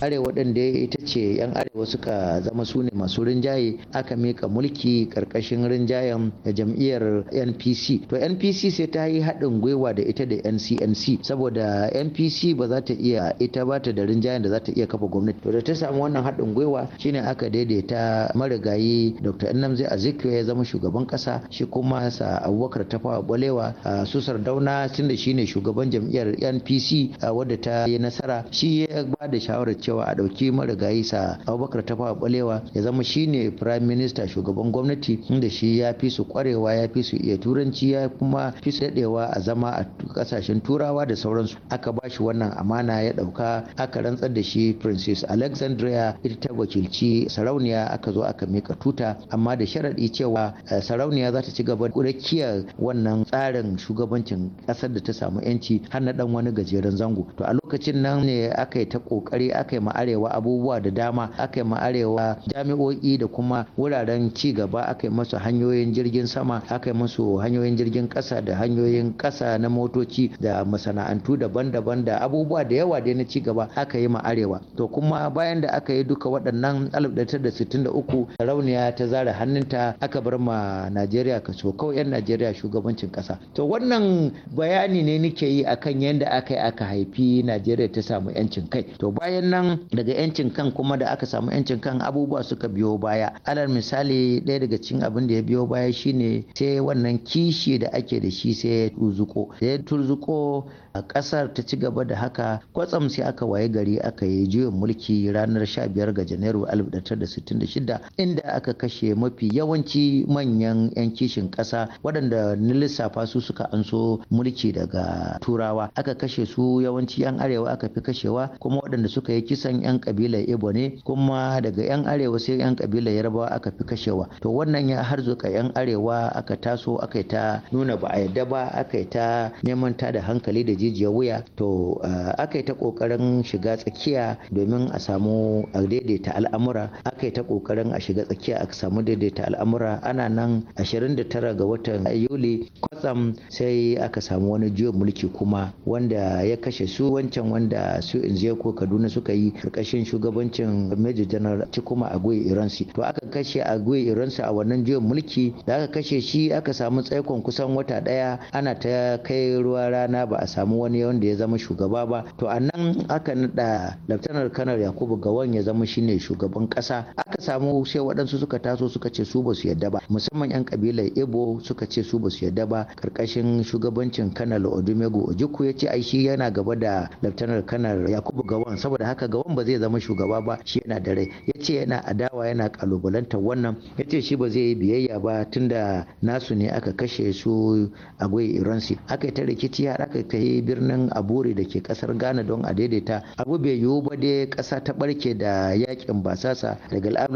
arewa ɗin da ita ce 'yan arewa suka zama su ne masu rinjaye aka mika mulki karkashin rinjayen jam'iyyar npc to npc sai ta yi haɗin gwiwa da ita da ncnc saboda npc ba za ta iya ita ba ta da rinjayen da za ta iya kafa gwamnati to da ta samu wannan haɗin gwiwa shine aka daidaita marigayi dr nnamdi Azikiwa ya zama shugaban ƙasa shi kuma sa abubakar tafawa balewa susar dauna tunda shine shugaban jam'iyyar npc wadda ta yi nasara shi ya ba da shawarar cewa a ɗauki marigayi sa abubakar fara balewa ya zama shine prime minister shugaban gwamnati inda shi ya fi su kwarewa ya fi su iya turanci ya kuma fi su daɗewa a zama a ƙasashen turawa da sauransu aka ba shi wannan amana ya ɗauka aka rantsar da shi princess alexandria ita ta wakilci sarauniya aka zo aka mika tuta amma da sharaɗi cewa eh, sarauniya za ta ci gaba da wannan tsarin shugabancin ƙasar da ta samu 'yanci har na dan wani gajeren zango to a lokacin nan ne aka yi ta ƙoƙari aka aka arewa abubuwa da dama aka yi arewa jami'o'i da kuma wuraren ci gaba aka yi masu hanyoyin jirgin sama aka yi masu hanyoyin jirgin kasa da hanyoyin kasa na motoci da masana'antu daban-daban da abubuwa da yawa dai na ci gaba aka yi ma arewa to kuma bayan da aka yi duka waɗannan 1963 rauniya ta zara hannunta aka bar ma najeriya kaso kawai 'yan najeriya shugabancin kasa to wannan bayani ne nake yi akan yadda aka yi aka haifi najeriya ta samu 'yancin kai to bayan nan daga yancin kan kuma da aka samu yancin kan abubuwa suka biyo baya alal misali ɗaya daga cikin abin da ya biyo baya shine sai wannan kishi da ake da shi sai ya turzuko da ya turzuko a ƙasar ta ci gaba da haka kwatsam sai aka waye gari aka yi juyin mulki ranar 15 ga janairu 1966 inda aka kashe mafi yawanci manyan 'yan kishin ƙasa waɗanda na lissafa su suka anso mulki daga turawa aka kashe su yawanci 'yan arewa aka fi kashewa kuma waɗanda suka yi kisa kisan 'yan kabilar ibo ne kuma daga 'yan arewa sai 'yan kabilar yarba aka fi kashewa to wannan ya harzuka 'yan arewa aka taso aka ta nuna ba a yadda ba aka ta neman ta da hankali da jijiyar wuya to aka ta kokarin shiga tsakiya domin a samu a daidaita al'amura aka ta kokarin a shiga tsakiya a samu daidaita al'amura ana nan 29 ga watan yuli kwatsam sai aka samu wani juyin mulki kuma wanda ya kashe su wancan wanda su inje ko kaduna suka yi karkashin shugabancin Major General a Agwe Iransi to aka kashe Agwe Iransi a wannan juyin mulki da aka kashe shi aka samu tsaikon kusan wata daya ana ta kai ruwa rana ba a samu wani wanda ya zama shugaba ba to a nan aka nada Laftanar Kanar Yakubu Gawan ya zama shine shugaban kasa aka samu sai waɗansu suka taso suka ce su ba su yadda ba musamman 'yan kabilar ibo suka ce su ba su yadda ba karkashin shugabancin Kanar Odumego Ojukwu ya ce ai shi yana gaba da Laftanar Kanar Yakubu Gawan saboda haka shugaba ba zai zama shugaba ba shi yana da rai ya ce yana adawa yana kalubalantar wannan ya ce shi ba zai yi biyayya ba tunda nasu ne aka kashe su a gwai iransi aka yi ta rikici har aka kai birnin abure da ke kasar ghana don a daidaita abu bai yiwu ba dai kasa ta barke da yakin basasa daga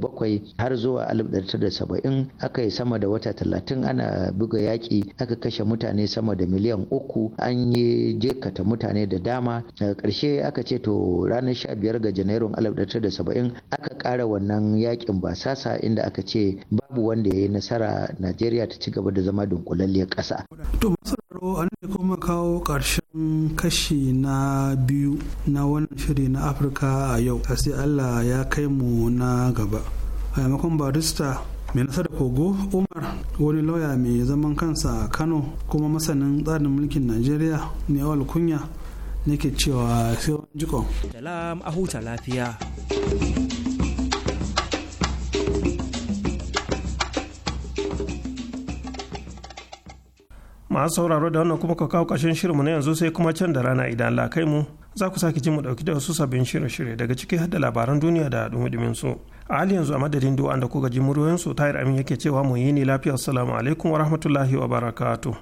bakwai har zuwa 1970 aka yi sama da wata talatin ana buga yaƙi aka kashe mutane sama da miliyan uku an yi jekata mutane da dama daga karshe aka ce to ranar 15 ga janairun 1970 aka ƙara wannan yakin basasa inda aka ce babu wanda ya yi nasara najeriya ta ci gaba da zama dunkulalliyar ƙasa to masararo an ne kuma kawo ƙarshen kashi na biyu na wannan shiri na afirka a yau sai allah ya kai mu na gaba a barista mai nasarar kogo umar wani lauya mai zaman kansa a kano kuma masanin tsarin mulkin najeriya ne awal kunya nake cewa sai wani jikon. a huta lafiya. masu sauraro da wannan kuma ka kawo kashin shirinmu na yanzu sai kuma can da rana idan Allah mu za ku sake ji mu ɗauki da wasu sabbin shirye-shirye daga ciki hada labaran duniya da dumudumin su a hali yanzu a madadin duwa da kuka ji muryoyin su tayar amin yake cewa mu yi ne lafiya assalamu alaikum wa rahmatullahi wa barakatu.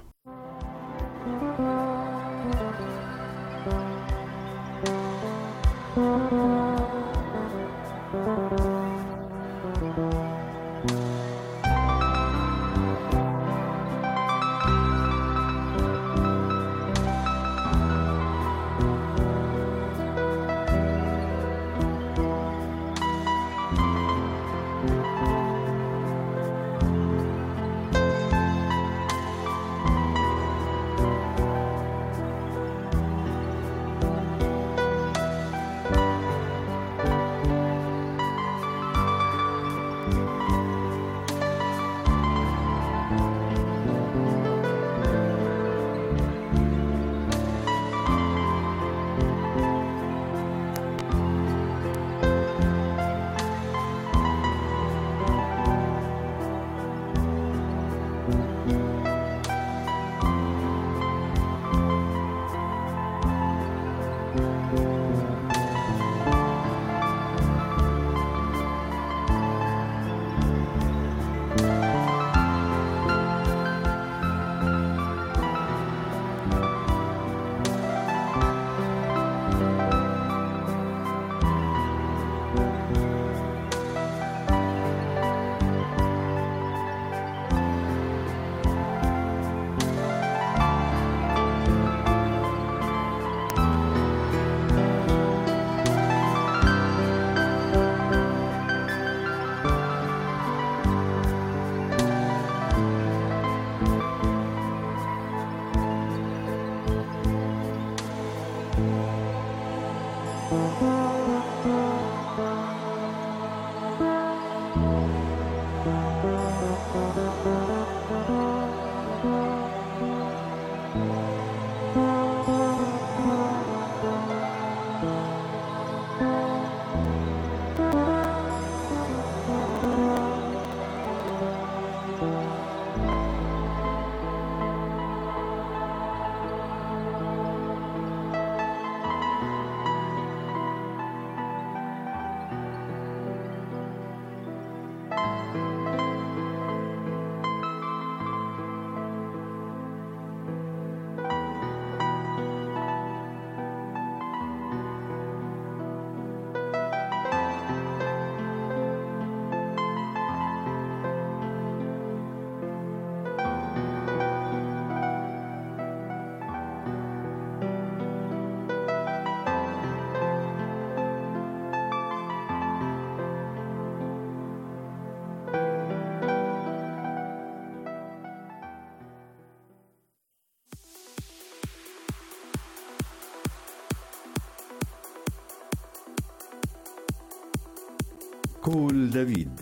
קול דוד,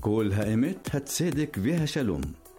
קול האמת, הצדק והשלום.